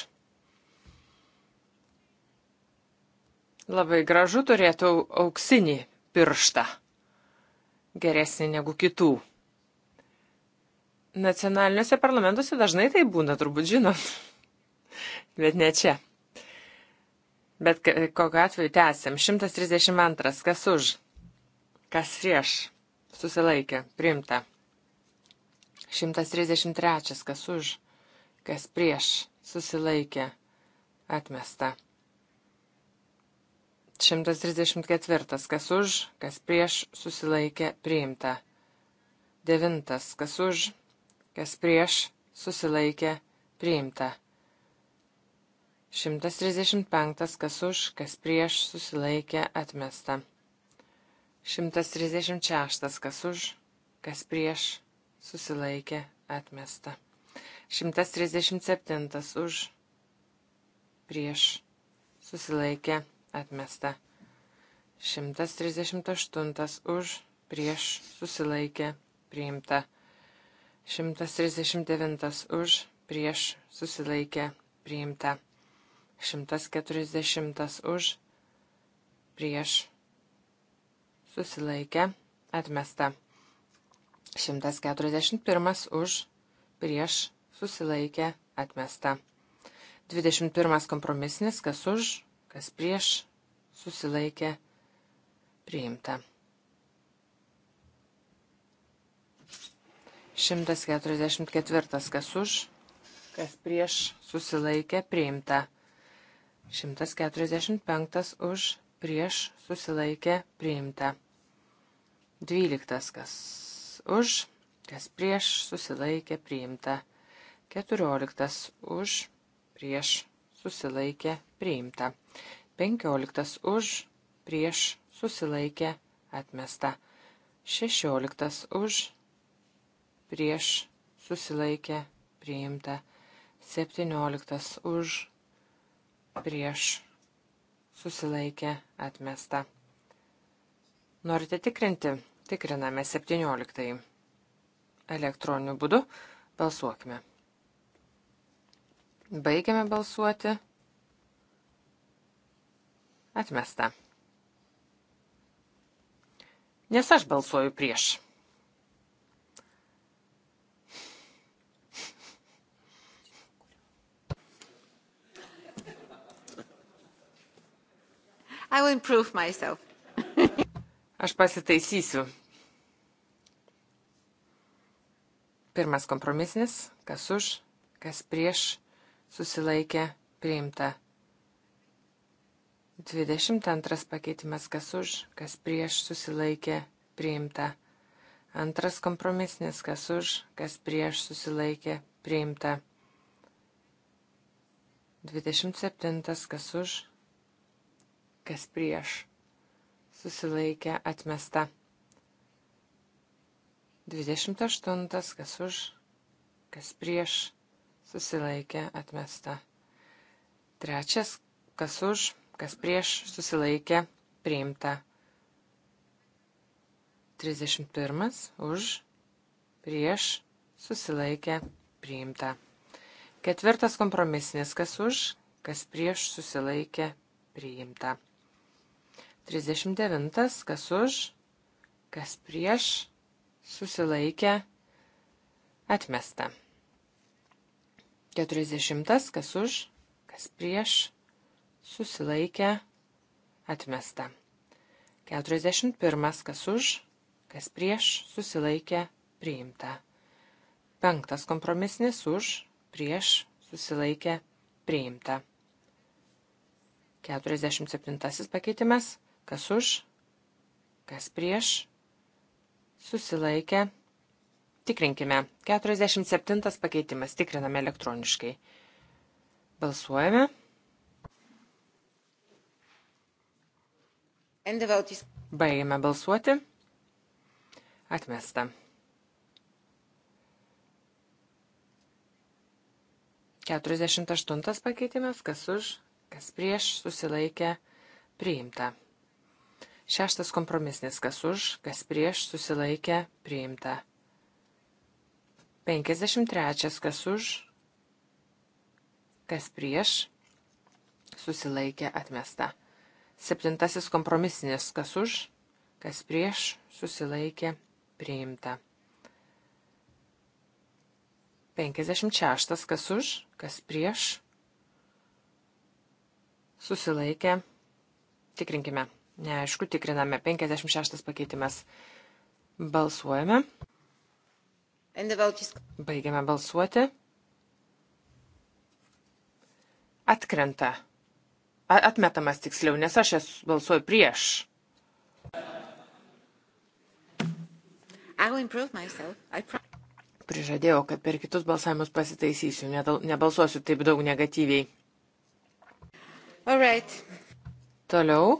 Labai gražu turėtų auksinį pirštą. Geresnį negu kitų. Nacionaliniuose parlamentuose dažnai tai būna, turbūt žinom. Bet ne čia. Bet kokiu atveju tęsim. 132. Kas už? Kas prieš? Susilaikė. Primta. 133. Kas už? Kas prieš? Susilaikė. Atmesta. 134. Kas už, kas prieš susilaikė priimta. 9. Kas už, kas prieš susilaikė priimta. 135. Kas už, kas prieš susilaikė atmesta. 136. Kas už, kas prieš susilaikė atmesta. 137. Už, prieš susilaikė atmesta atmesta. 138 už, prieš, susilaikė, priimta. 139 už, prieš, susilaikė, priimta. 140 už, prieš, susilaikė, atmesta. 141 už, prieš, susilaikė, atmesta. 21 kompromisinis, kas už, kas prieš, susilaikė, priimta. 144, kas už, kas prieš, susilaikė, priimta. 145 už, prieš, susilaikė, priimta. 12, kas už, kas prieš, susilaikė, priimta. 14, už, prieš, susilaikė priimta. 15 už, prieš susilaikė atmesta. 16 už, prieš susilaikė priimta. 17 už, prieš susilaikė atmesta. Norite tikrinti? Tikriname 17. Elektroniniu būdu balsuokime. Baigiame balsuoti. Atmesta. Nes aš balsuoju prieš. Aš pasitaisysiu. Pirmas kompromisnis, kas už, kas prieš, susilaikė priimta. 22 pakeitimas kas už, kas prieš susilaikė priimta. Antras kompromisnis kas už, kas prieš susilaikė priimta. 27 kas už, kas prieš susilaikė atmesta. 28 kas už, kas prieš susilaikė atmesta. Trečias, kas už, kas prieš, susilaikė priimta. 31 už, prieš, susilaikė priimta. Ketvirtas kompromisinis, kas už, kas prieš, susilaikė priimta. 39 kas už, kas prieš, susilaikė atmesta. 40. Kas už, kas prieš, susilaikė, atmesta. 41. Kas už, kas prieš, susilaikė, priimta. 5. Kompromisnis už, prieš, susilaikė, priimta. 47. Pakeitimas. Kas už, kas prieš, susilaikė, priimta Tikrinkime. 47 pakeitimas. Tikriname elektroniškai. Balsuojame. Baigiame balsuoti. Atmesta. 48 pakeitimas. Kas už, kas prieš, susilaikė, priimta. Šeštas kompromisnis. Kas už, kas prieš, susilaikė, priimta. 53. Kas už, kas prieš, susilaikė atmesta. Septintasis kompromisinis. Kas už, kas prieš, susilaikė priimta. 56. Kas už, kas prieš, susilaikė. Tikrinkime. Neaišku, tikriname. 56 pakeitimas. Balsuojame. Baigiame balsuoti. Atkrenta. Atmetamas tiksliau, nes aš esu balsuoju prieš. Prižadėjau, kad per kitus balsavimus pasitaisysiu, nebalsuosiu taip daug negatyviai. Alright. Toliau.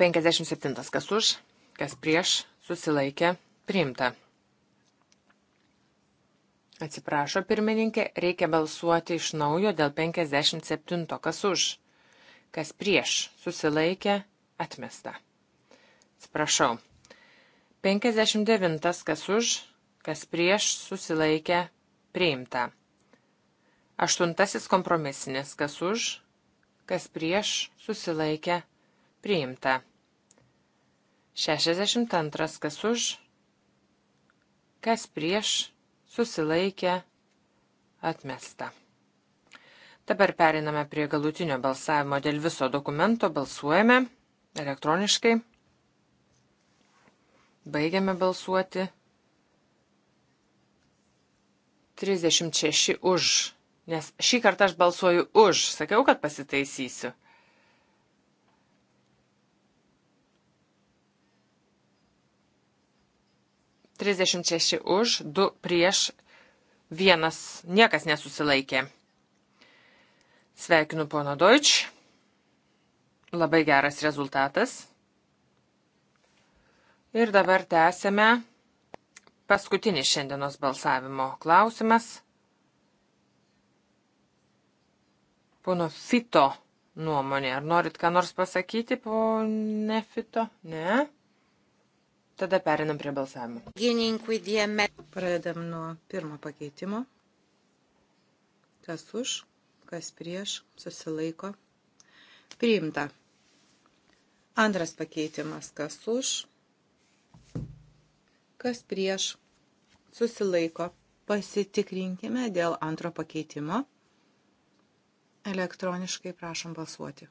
57. Kas už, kas prieš, susilaikė, Priimta. Atsiprašo pirmininkė, reikia balsuoti iš naujo dėl 57. Kas už? Kas prieš? Susilaikė? Atmesta. Atsiprašau. 59. Kas už? Kas prieš? Susilaikė? Priimta. Aštuntasis kompromisinis, kas už, kas prieš, susilaikė, priimta. 62, kas už, kas prieš, susilaikė, atmesta. Dabar periname prie galutinio balsavimo dėl viso dokumento, balsuojame elektroniškai, baigiame balsuoti. 36 už, nes šį kartą aš balsuoju už, sakiau, kad pasitaisysiu. 36 už, 2 prieš, 1 niekas nesusilaikė. Sveikinu pono Deutsch. Labai geras rezultatas. Ir dabar tęsėme paskutinis šiandienos balsavimo klausimas. Pono Fito nuomonė. Ar norit ką nors pasakyti, pone Fito? Ne. Tada perinam prie balsavimo.
Gynininkui dieme. Pradedam nuo pirmo pakeitimo. Kas už, kas prieš, susilaiko. Priimta. Antras pakeitimas. Kas už, kas prieš, susilaiko. Pasitikrinkime dėl antro pakeitimo. Elektroniškai prašom balsuoti.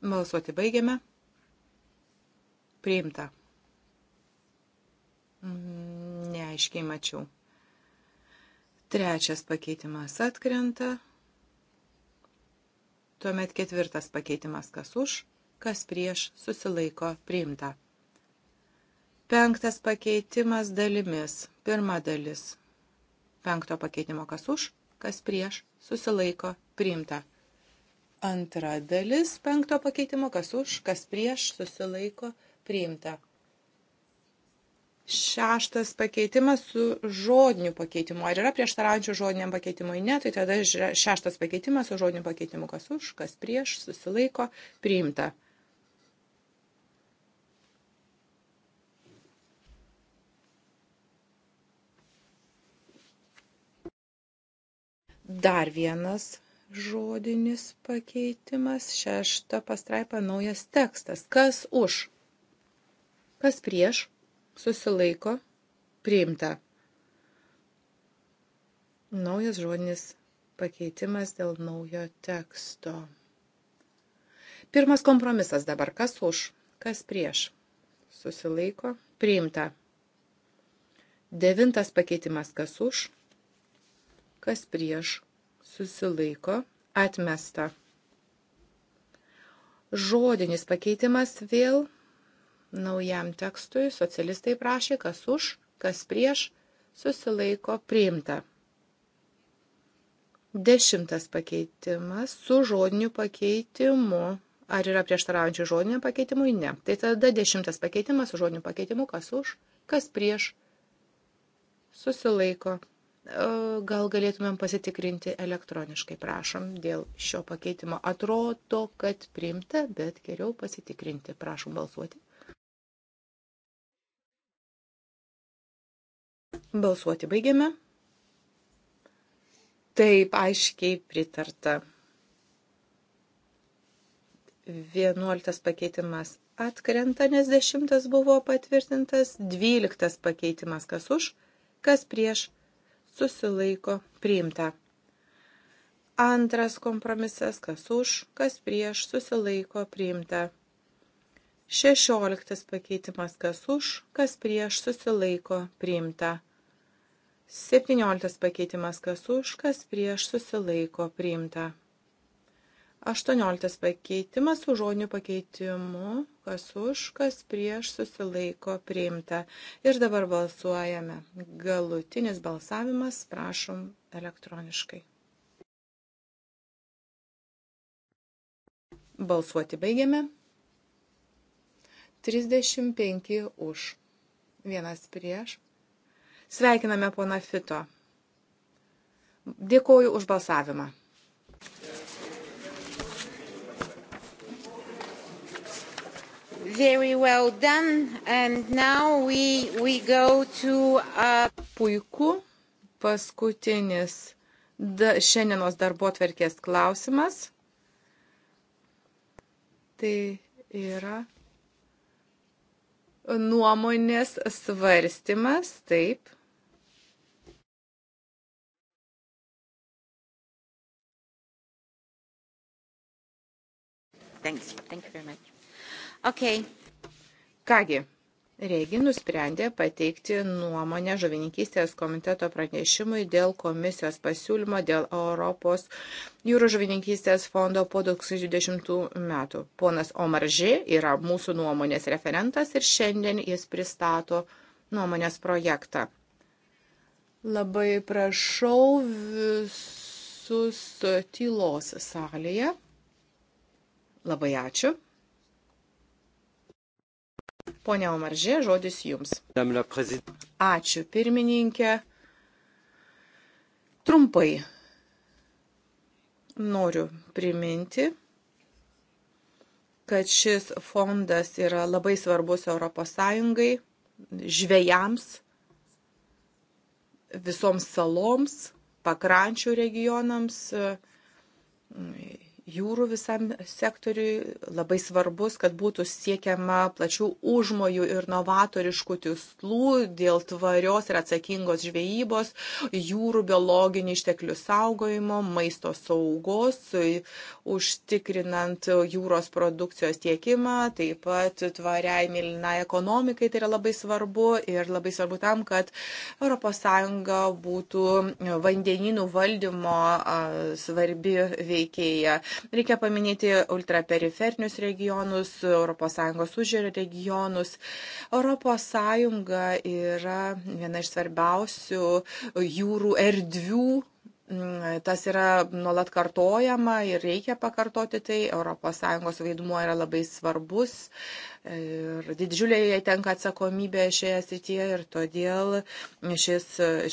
Balsuoti baigiame. Priimta. Mm, neaiškiai mačiau. Trečias pakeitimas atkrenta. Tuomet ketvirtas pakeitimas kas už, kas prieš susilaiko priimta. Penktas pakeitimas dalimis. Pirma dalis. Penkto pakeitimo kas už, kas prieš susilaiko priimta. Antra dalis penkto pakeitimo, kas už, kas prieš, susilaiko priimta. Šeštas pakeitimas su žodiniu pakeitimu. Ar yra prieštaraujančių žodiniam pakeitimui? Ne, tai tada šeštas pakeitimas su žodiniu pakeitimu, kas už, kas prieš, susilaiko priimta. Dar vienas žodinis pakeitimas, šešta pastraipa naujas tekstas. Kas už? Kas prieš? Susilaiko? Priimta. Naujas žodinis pakeitimas dėl naujo teksto. Pirmas kompromisas dabar. Kas už? Kas prieš? Susilaiko? Priimta. Devintas pakeitimas. Kas už? Kas prieš? susilaiko, atmesta. Žodinis pakeitimas vėl naujam tekstui. Socialistai prašė, kas už, kas prieš, susilaiko, priimta. Dešimtas pakeitimas su žodiniu pakeitimu. Ar yra prieštaraujančių žodiniam pakeitimui? Ne. Tai tada dešimtas pakeitimas su žodiniu pakeitimu, kas už, kas prieš, susilaiko, E, gal galėtumėm pasitikrinti elektroniškai, prašom, dėl šio pakeitimo. Atrodo, kad priimta, bet geriau pasitikrinti. Prašom balsuoti. Balsuoti baigiame. Taip aiškiai pritarta. Vienuoliktas pakeitimas atkrenta, nes dešimtas buvo patvirtintas. Dvyliktas pakeitimas kas už, kas prieš susilaiko priimta. Antras kompromisas, kas už, kas prieš, susilaiko priimta. Šešioliktas pakeitimas, kas už, kas prieš, susilaiko priimta. Septynioliktas pakeitimas, kas už, kas prieš, susilaiko priimta. 18 pakeitimas su žodiniu pakeitimu, kas už, kas prieš susilaiko priimta. Ir dabar balsuojame. Galutinis balsavimas, prašom, elektroniškai. Balsuoti baigiame. 35 už. Vienas prieš. Sveikiname pona Fito. Dėkoju už balsavimą. Very well done. And now we, we go to... Uh... Puiku. Paskutinis da, šiandienos darbo atverkės klausimas. Tai yra nuomonės svarstymas, taip. Thanks. Thank you very much. Okay. Kągi, Regi nusprendė pateikti nuomonę žuvininkystės komiteto pranešimui dėl komisijos pasiūlymo dėl Europos jūrų žuvininkystės fondo po 2020 metų. Ponas Omarži yra mūsų nuomonės referentas ir šiandien jis pristato nuomonės projektą. Labai prašau visus tylos salėje. Labai ačiū. Pone Omaržė, žodis jums. Ačiū, pirmininkė. Trumpai noriu priminti, kad šis fondas yra labai svarbus ES žvėjams, visoms saloms, pakrančių regionams jūrų visam sektoriui. Labai svarbus, kad būtų siekiama plačių užmojų ir novatoriškų tikslų dėl tvarios ir atsakingos žvejybos, jūrų biologinių išteklių saugojimo, maisto saugos, užtikrinant jūros produkcijos tiekimą, taip pat tvariai milinai ekonomikai tai yra labai svarbu ir labai svarbu tam, kad ES būtų vandeninų valdymo svarbi veikėja. Reikia paminėti ultraperiferinius regionus, ES užžiūrio regionus. ES yra viena iš svarbiausių jūrų erdvių mm, tas yra nuolat kartojama ir reikia pakartoti tai. ES vaidmuo yra labai svarbus Ir didžiulė jai tenka atsakomybė šioje srityje ir todėl šis,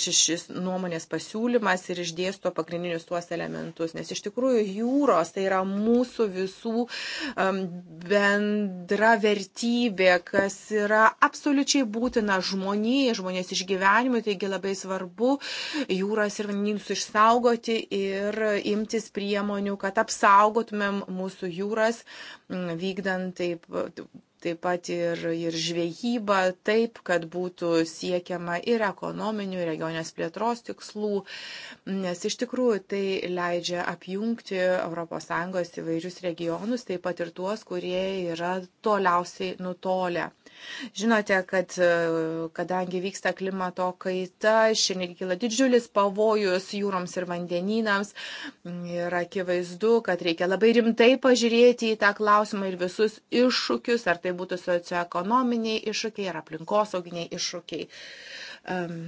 šis, šis nuomonės pasiūlymas ir išdėsto pagrindinius tuos elementus, nes iš tikrųjų jūros tai yra mūsų visų um, bendra vertybė, kas yra absoliučiai būtina žmonijai, žmonės išgyvenimui, taigi labai svarbu jūras ir vandenynus išsaugoti ir imtis priemonių, kad apsaugotumėm mūsų jūras, vykdant taip taip pat ir, ir žvejybą, taip, kad būtų siekiama ir ekonominių, ir regionės plėtros tikslų, nes iš tikrųjų tai leidžia apjungti ES įvairius regionus, taip pat ir tuos, kurie yra toliausiai nutolę. Žinote, kad kadangi vyksta klimato kaita, šiandien kyla didžiulis pavojus jūroms ir vandenynams ir akivaizdu, kad reikia labai rimtai pažiūrėti į tą klausimą ir visus iššūkius, ar tai būtų socioekonominiai iššūkiai ar aplinkosauginiai iššūkiai. Um,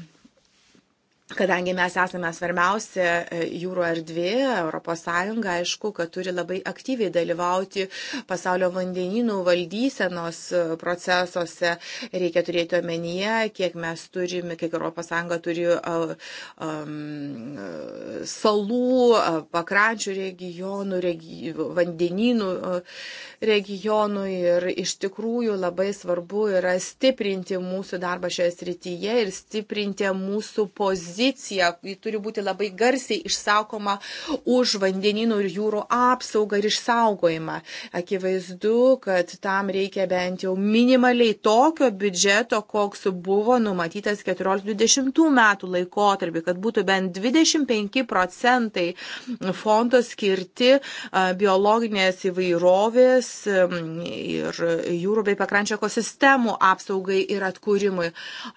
kadangi mes esame svarbiausia e, jūrų erdvė, ES aišku, kad turi labai aktyviai dalyvauti pasaulio vandeninų valdysenos e, procesuose. Reikia turėti omenyje, kiek mes turime, kiek ES turi um, salų, pakrančių regionų, regi, vandeninų regionų ir iš tikrųjų labai svarbu yra stiprinti mūsų darbą šioje srityje ir stiprinti mūsų poziciją pozicija, ji turi būti labai garsiai išsakoma už vandeninų ir jūrų apsaugą ir išsaugojimą. Akivaizdu, kad tam reikia bent jau minimaliai tokio biudžeto, koks buvo numatytas 14-20 metų laikotarpį, kad būtų bent 25 procentai fondo skirti biologinės įvairovės ir jūrų bei pakrančio ekosistemų apsaugai ir atkūrimui.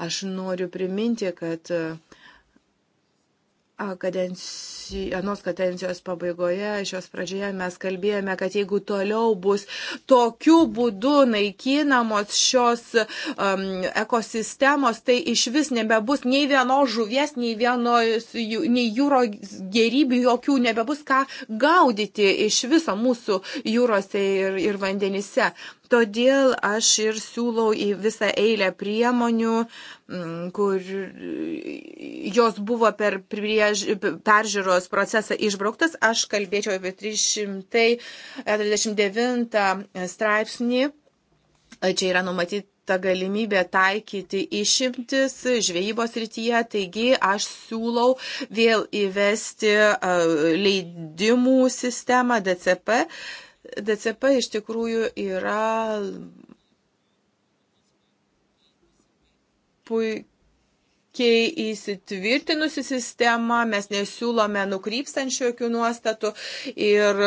Aš noriu priminti, kad kadenci... anos kadencijos pabaigoje, šios pradžioje mes kalbėjome, kad jeigu toliau bus tokiu būdu naikinamos šios um, ekosistemos, tai iš vis nebebus nei vienos žuvies, nei, vienos, nei jūros gerybių jokių, nebebus ką gaudyti iš viso mūsų jūrose ir, ir vandenise. Todėl aš ir siūlau į visą eilę priemonių, mm, kur jos buvo per priež, peržiūros procesą išbrauktas. Aš kalbėčiau apie 349 straipsnį. Čia yra numatyti ta galimybė taikyti išimtis žvejybos rytyje, taigi aš siūlau vėl įvesti leidimų sistemą DCP DCP iš tikrųjų yra puikiai įsitvirtinusi sistema, mes nesiūlome nukrypstančių jokių nuostatų ir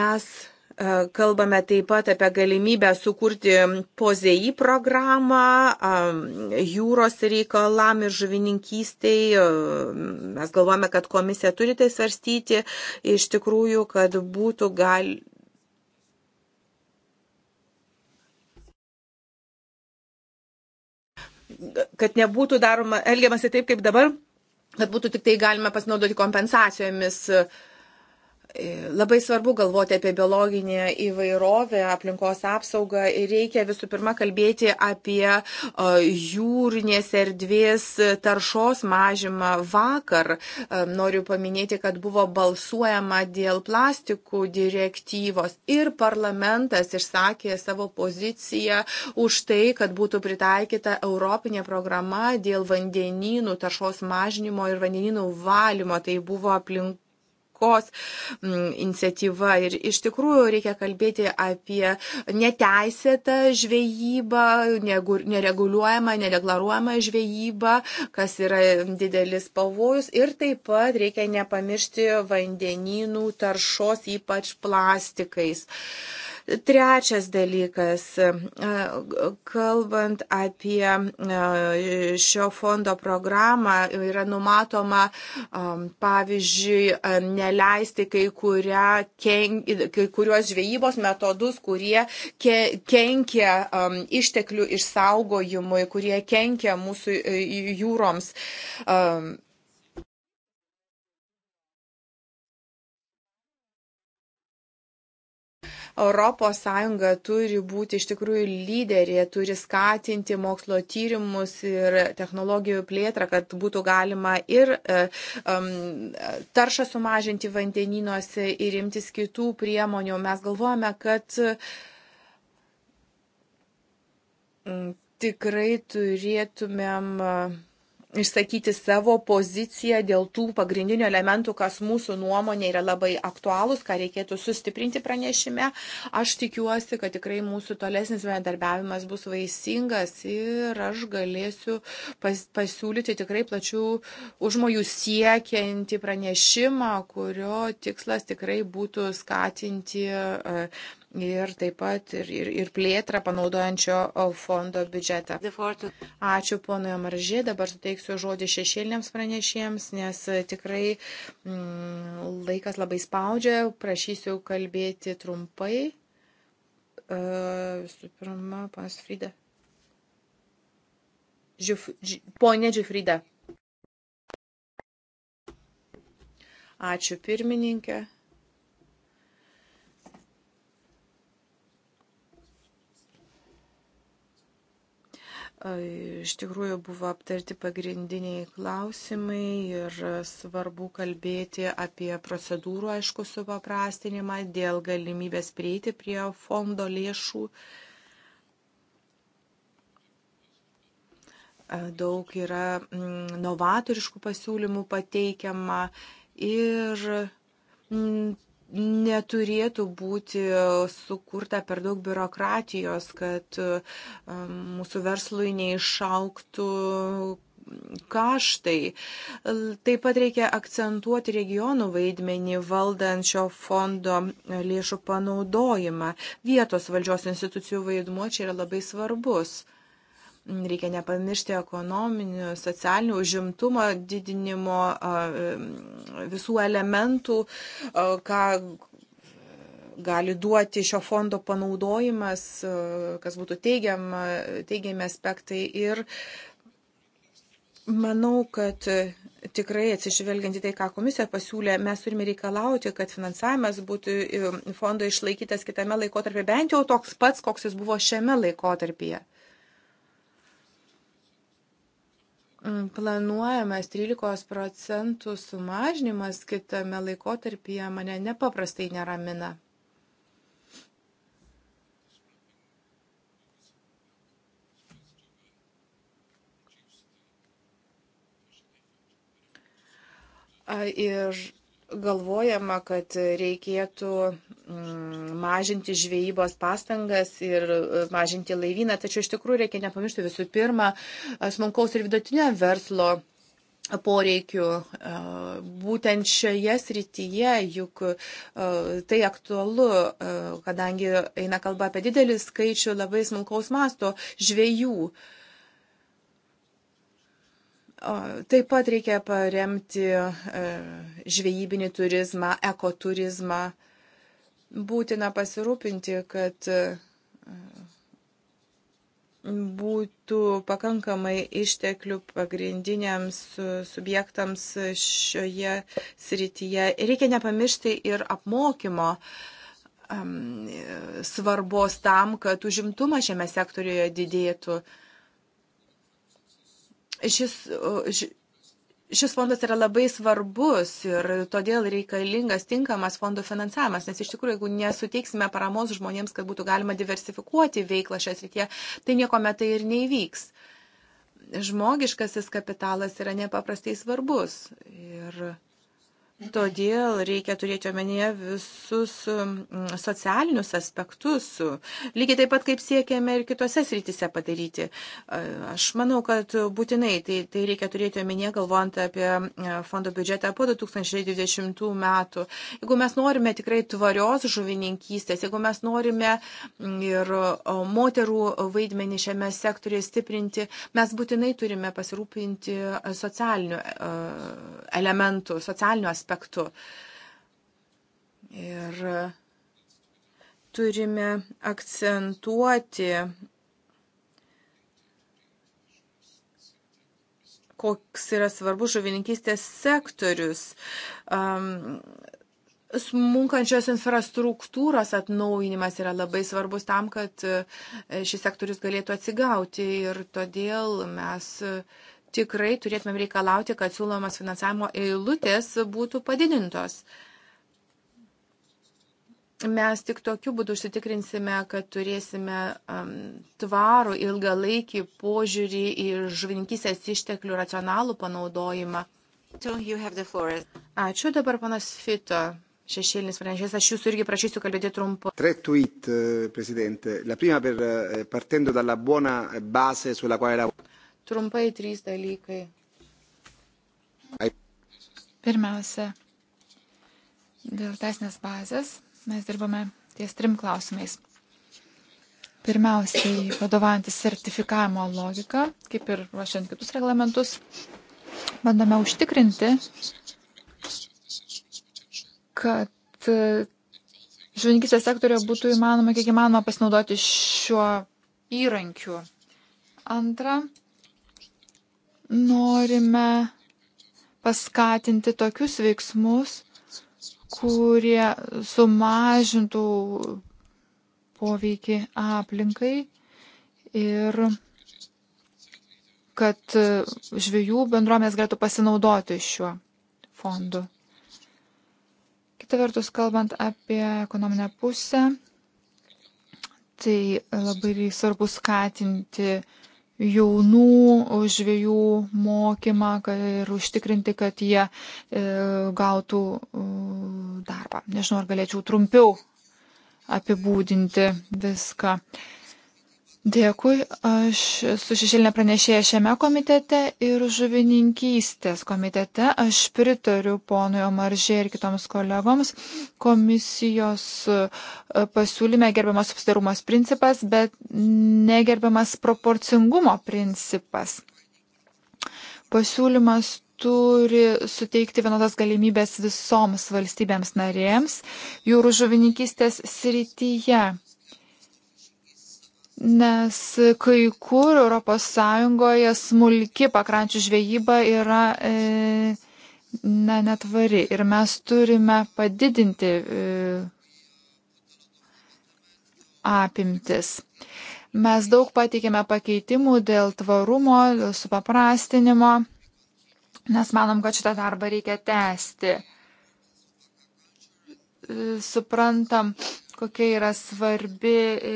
mes E, kalbame taip pat apie galimybę sukurti pozei programą jūros reikalam ir žuvininkystei. E, mes galvojame, kad komisija turi tai svarstyti. Iš tikrųjų, kad būtų gal. kad nebūtų daroma, elgiamasi taip kaip dabar, kad būtų tik tai galima pasinaudoti kompensacijomis uh, Labai svarbu galvoti apie biologinę įvairovę, aplinkos apsaugą ir reikia visų pirma kalbėti apie jūrinės erdvės taršos mažymą. Vakar e, noriu paminėti, kad buvo balsuojama dėl plastikų direktyvos ir parlamentas išsakė savo poziciją už tai, kad būtų pritaikyta Europinė programa dėl vandenynų taršos mažinimo ir vandenynų valymo. Tai buvo aplink taikos mm, iniciatyva. Ir iš tikrųjų reikia kalbėti apie neteisėtą žvejybą, nereguliuojamą, nedeklaruojamą žvejybą, kas yra didelis pavojus. Ir taip pat reikia nepamiršti vandeninų taršos, ypač plastikais. Uh, Trečias dalykas, kalbant apie šio fondo programą, yra numatoma, pavyzdžiui, neleisti kai, kuria, ken, kai kuriuos žvejybos metodus, kurie kenkia išteklių išsaugojimui, kurie kenkia mūsų jūroms. ES turi būti iš tikrųjų lyderė, turi skatinti mokslo tyrimus ir technologijų plėtrą, kad būtų galima ir um, taršą sumažinti vandenynuose ir imtis kitų priemonių. Mes galvojame, kad tikrai turėtumėm išsakyti savo poziciją dėl tų pagrindinių elementų, kas mūsų nuomonė yra labai aktualūs, ką reikėtų sustiprinti pranešime. Aš tikiuosi, kad tikrai mūsų tolesnis bendarbiavimas bus vaisingas ir aš galėsiu pas, pasiūlyti tikrai plačių užmojų siekiantį pranešimą, kurio tikslas tikrai būtų skatinti e, ir taip pat ir, ir, ir plėtrą panaudojančio fondo biudžetą. Ačiū ponui Amaržė, dabar suteiksiu žodį šešėliniams pranešėjams, nes tikrai mm, laikas labai spaudžia, prašysiu kalbėti trumpai. Uh, visų pirma, panas Frida. Džiuf, dž, ponė Džiufrida. Ačiū pirmininkė. Iš tikrųjų buvo aptarti pagrindiniai klausimai ir svarbu kalbėti apie procedūrų, aišku, supaprastinimą dėl galimybės prieiti prie fondo lėšų. Daug yra mm, novatoriškų pasiūlymų pateikiama ir mm, neturėtų būti sukurta per daug biurokratijos, kad um, mūsų verslui neišauktų kaštai. Taip pat reikia akcentuoti regionų vaidmenį valdančio fondo lėšų panaudojimą. Vietos valdžios institucijų vaidmuo čia yra labai svarbus. Reikia nepamiršti ekonominių, socialinių, užimtumo didinimo visų elementų, ką gali duoti šio fondo panaudojimas, kas būtų teigiam, teigiami aspektai. Ir manau, kad tikrai atsižvelgiant į tai, ką komisija pasiūlė, mes turime reikalauti, kad finansavimas būtų fondo išlaikytas kitame laikotarpyje, bent jau toks pats, koks jis buvo šiame laikotarpyje. planuojamas 13 procentų sumažinimas kitame laikotarpyje mane nepaprastai neramina. Ir galvojama, kad reikėtų mm, mažinti žvejybos pastangas ir e, mažinti laivyną, tačiau iš tikrųjų reikia nepamiršti visų pirma e, smulkaus ir vidutinio verslo poreikių. E, būtent šioje srityje juk tai aktualu, kadangi eina kalba apie didelį skaičių labai smulkaus masto žvėjų. Taip pat reikia paremti e, žvejybinį turizmą, ekoturizmą. Būtina pasirūpinti, kad e, būtų pakankamai išteklių pagrindiniams e, subjektams šioje srityje. Reikia nepamiršti ir apmokymo svarbos tam, kad užimtumas šiame sektorijoje didėtų šis. Ši, Šis fondas yra labai svarbus ir todėl reikalingas tinkamas fondo finansavimas, nes iš tikrųjų, jeigu nesuteiksime paramos žmonėms, kad būtų galima diversifikuoti veiklą šią srityje, tai nieko metai ir neįvyks. Žmogiškasis kapitalas yra nepaprastai svarbus ir Todėl reikia turėti omenyje visus um, socialinius aspektus, lygiai taip pat kaip siekiame ir kitose srityse padaryti. Aš manau, kad būtinai tai, tai reikia turėti omenyje, galvojant apie fondo biudžetą po 2020 metų. Jeigu mes norime tikrai tvarios žuvininkystės, jeigu mes norime ir moterų vaidmenį šiame sektorėje stiprinti, mes būtinai turime pasirūpinti socialiniu elementu, socialiniu aspektu aspektu. Ir turime akcentuoti koks yra svarbus žuvininkystės sektorius, um, smunkančios infrastruktūros atnaujinimas yra labai svarbus tam, kad e, šis sektorius galėtų atsigauti ir todėl mes tikrai turėtumėm reikalauti, kad siūlomas finansavimo eilutės būtų padidintos. Mes tik tokiu būdu užsitikrinsime, kad turėsime um, tvarų ilgalaikį požiūrį į žuvininkysės išteklių racionalų panaudojimą. Ačiū dabar panas Fito. Šešėlinis pranešėjas, aš jūsų irgi prašysiu kalbėti trumpai.
Tre tweet, eh, Presidente. La prima per, eh, partendo dalla buona base sulla quale lavoro.
Trumpai trys dalykai.
Pirmiausia, dėl teisinės bazės mes dirbame ties trim klausimais. Pirmiausiai, vadovantis sertifikavimo logika, kaip ir ruošiant kitus reglamentus, bandome užtikrinti, kad e, žuvininkystės sektorio būtų įmanoma, kiek įmanoma pasinaudoti šiuo įrankiu. Antra, norime paskatinti tokius veiksmus, kurie sumažintų poveikį aplinkai ir kad žviejų bendruomės galėtų pasinaudoti šiuo fondu. Kita vertus, kalbant apie ekonominę pusę, tai labai svarbu skatinti uh, jaunų žvėjų mokymą ir užtikrinti, kad jie e, gautų e, darbą. Nežinau, ar galėčiau trumpiau apibūdinti viską. Dėkui, aš su šešėlinė pranešėja šiame komitete ir žuvininkystės komitete. Aš pritariu ponui Omaržė ir kitoms kolegoms komisijos e, pasiūlyme gerbiamas subsidarumas principas, bet negerbiamas proporcingumo principas. Pasiūlymas turi suteikti vienodas galimybės visoms valstybėms narėms jūrų žuvininkystės srityje nes kai kur ES smulki pakrančių žvejyba yra e, na, netvari ir mes turime padidinti e, apimtis. Mes daug pateikėme pakeitimų dėl tvarumo, dėl supaprastinimo, nes manom, kad šitą darbą reikia tęsti. E, suprantam, kokia yra svarbi e,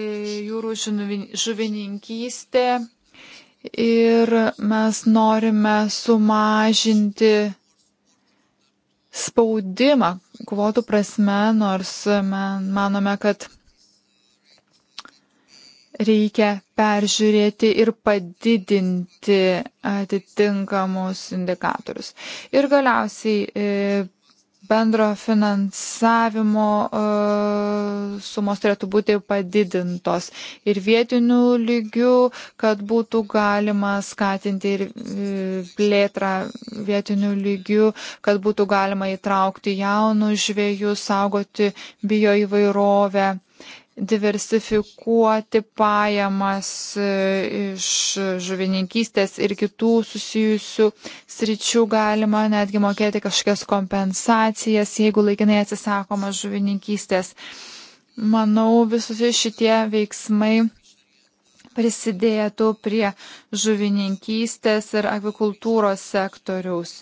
jūrų žuvininkystė ir mes norime sumažinti spaudimą kvotų prasme, nors man, manome, kad reikia peržiūrėti ir padidinti atitinkamus indikatorius. Ir galiausiai e, bendro finansavimo e, sumos turėtų būti padidintos ir vietinių lygių, kad būtų galima skatinti ir e, plėtrą vietinių lygių, kad būtų galima įtraukti jaunus žvėjus, saugoti bio įvairovę diversifikuoti pajamas e, iš žuvininkystės ir kitų susijusių sričių, galima netgi mokėti kažkokias kompensacijas, jeigu laikinai atsisakoma žuvininkystės. Manau, visi šitie veiksmai prisidėtų prie žuvininkystės ir agrikultūros sektoriaus.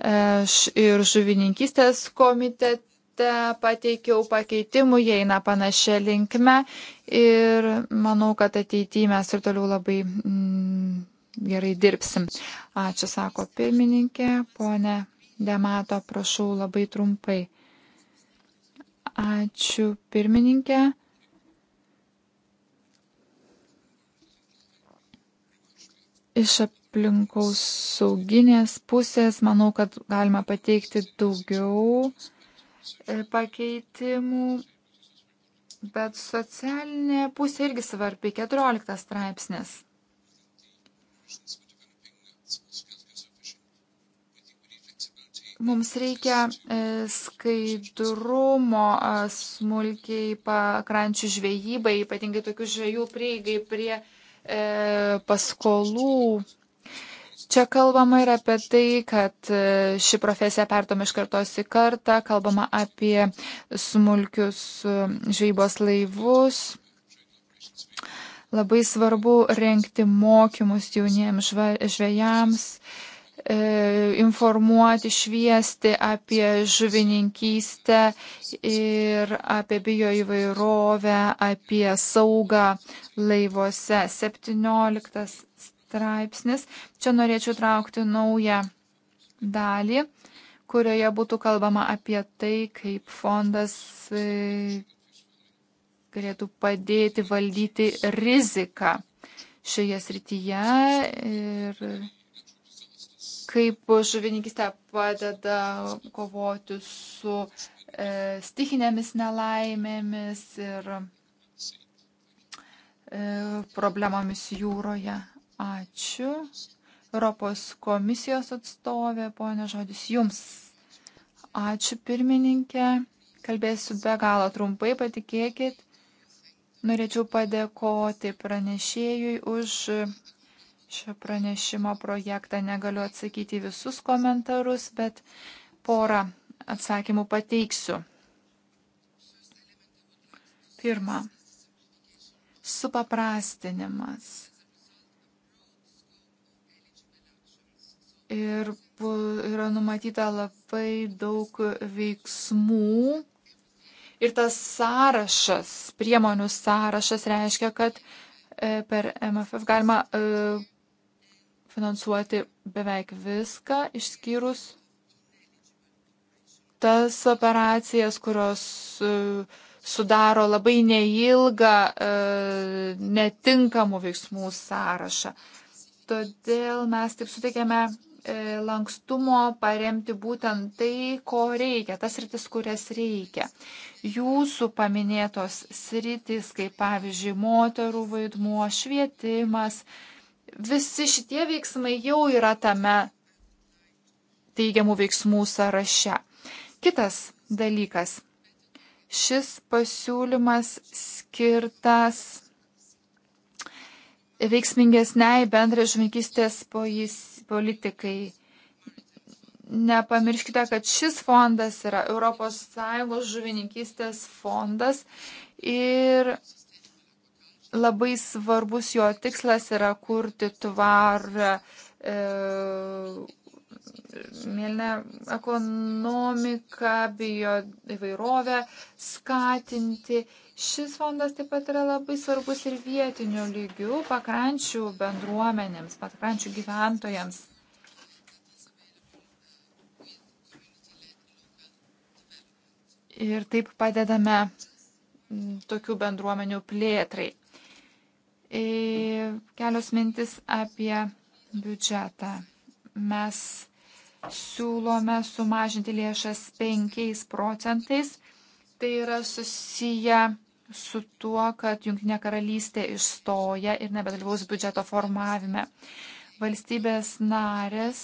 Aš ir žuvininkystės komitete tekste pateikiau pakeitimų, jie eina panašia linkme ir manau, kad ateityje mes ir toliau labai mm, gerai dirbsim. Ačiū, sako pirmininkė, ponė Demato, prašau labai trumpai. Ačiū, pirmininkė. Iš aplinkaus sauginės pusės manau, kad galima pateikti daugiau E, pakeitimų, bet socialinė pusė irgi svarbi, 14 straipsnis. Mums reikia e, skaidrumo smulkiai pakrančių žvejybai, ypatingai tokių žvejų prieigai prie e, paskolų Čia kalbama ir apie tai, kad e, ši profesija pertoma iš kartos į kartą, kalbama apie smulkius e, žvejybos laivus. Labai svarbu renkti mokymus jauniems žvejams e, informuoti, šviesti apie žuvininkystę ir apie bioįvairovę, apie saugą laivuose. 17 straipsnis. Čia norėčiau traukti naują dalį, kurioje būtų kalbama apie tai, kaip fondas e, galėtų padėti valdyti riziką šioje srityje ir kaip žuvininkistė padeda kovoti su e, stichinėmis nelaimėmis ir e, problemomis jūroje. Ačiū. Europos komisijos atstovė, ponė žodis jums. Ačiū pirmininkė. Kalbėsiu be galo trumpai, patikėkit. Norėčiau padėkoti pranešėjui už šio pranešimo projektą. Negaliu atsakyti visus komentarus, bet porą atsakymų pateiksiu. Pirma. Supaprastinimas ir yra numatyta labai daug veiksmų. Ir tas sąrašas, priemonių sąrašas reiškia, kad e, per MFF galima e, finansuoti beveik viską, išskyrus tas operacijas, kurios e, sudaro labai neilgą netinkamų veiksmų sąrašą. Todėl mes taip suteikėme E, lankstumo paremti būtent tai, ko reikia, tas rytis, kurias reikia. Jūsų paminėtos sritis, kaip pavyzdžiui, moterų vaidmuo, švietimas, visi šitie veiksmai jau yra tame teigiamų veiksmų sąraše. Kitas dalykas. Šis pasiūlymas skirtas veiksmingesniai bendrai žvinkistės politikai. Nepamirškite, kad šis fondas yra ES žuvininkystės fondas ir labai svarbus jo tikslas yra kurti tvarą e, mėlyną ekonomiką, bio įvairovę skatinti. Šis fondas taip pat yra labai svarbus ir vietinių lygių pakrančių bendruomenėms, pakrančių gyventojams. Ir taip padedame mm, tokių bendruomenių plėtrai. E, kelios mintis apie biudžetą. Mes siūlome sumažinti lėšas 5 procentais. Tai yra susiję su tuo, kad Junktinė karalystė išstoja ir nebedalyvaus biudžeto formavime. Valstybės narės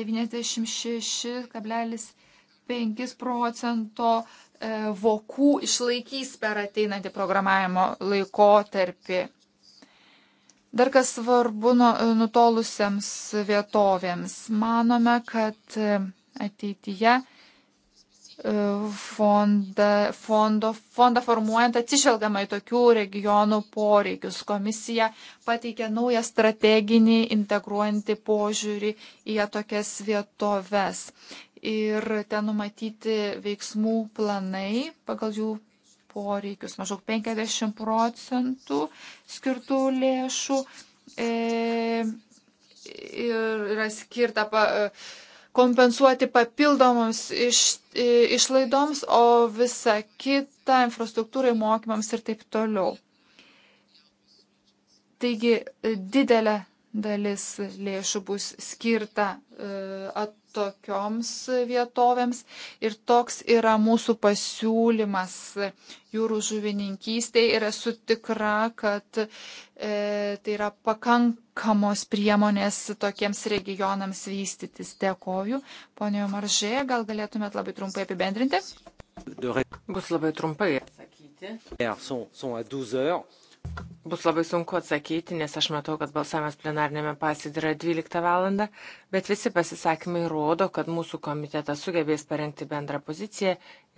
96,5 procento e, vokų išlaikys per ateinantį programavimo laikotarpį. Dar kas svarbu nu, nutolusiems vietovėms. Manome, kad e, ateityje e, fonda, fondo, fondą formuojant atsižvelgiama į tokių regionų poreikius. Komisija pateikė naują strateginį integruojantį požiūrį į tokias vietoves. Ir ten numatyti veiksmų planai, pagal jų poreikius. Maždaug 50 procentų skirtų lėšų e, yra skirta pa, e, kompensuoti papildomoms iš, e, išlaidoms, o visa kita infrastruktūrai, mokymams ir taip toliau. Taigi didelė dalis lėšų bus skirta e, atokioms vietovėms ir toks yra mūsų pasiūlymas jūrų žuvininkystėje ir esu tikra, kad e, tai yra pakankamos priemonės tokiems regionams vystytis. Dėkoju. Pone Maržė, gal galėtumėt labai trumpai apibendrinti?
Bus labai trumpai
atsakyti.
Bus labai sunku atsakyti, nes aš matau, kad balsavimas plenarnėme pasidara 12 val. Bet visi pasisakymai rodo, kad mūsų komitetas sugebės parengti bendrą poziciją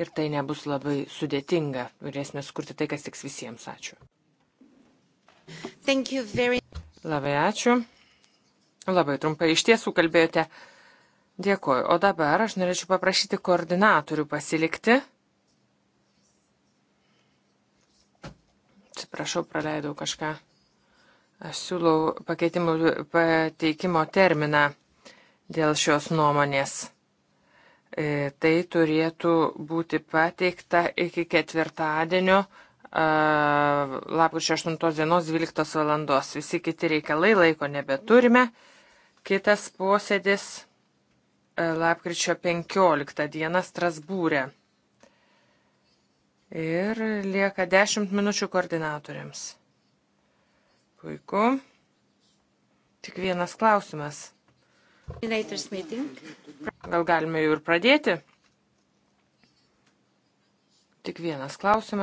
ir tai nebus labai sudėtinga. Turėsime skurti tai, kas tiks visiems. Ačiū. Very... Labai ačiū. Labai trumpai iš tiesų kalbėjote. Dėkuoju. O dabar aš norėčiau paprašyti koordinatorių pasilikti. Atsiprašau, praleidau kažką. Aš siūlau pakeitimų pateikimo terminą dėl šios nuomonės. E, tai turėtų būti pateikta iki ketvirtadienio e, lapkričio 8 dienos 12 valandos. Visi kiti reikalai laiko nebeturime. Kitas posėdis e, lapkričio 15 dieną Strasbūrė. Ir lieka 10 minučių koordinatoriams. Puiku. Tik vienas klausimas. Gal galime jau ir pradėti? Tik vienas klausimas.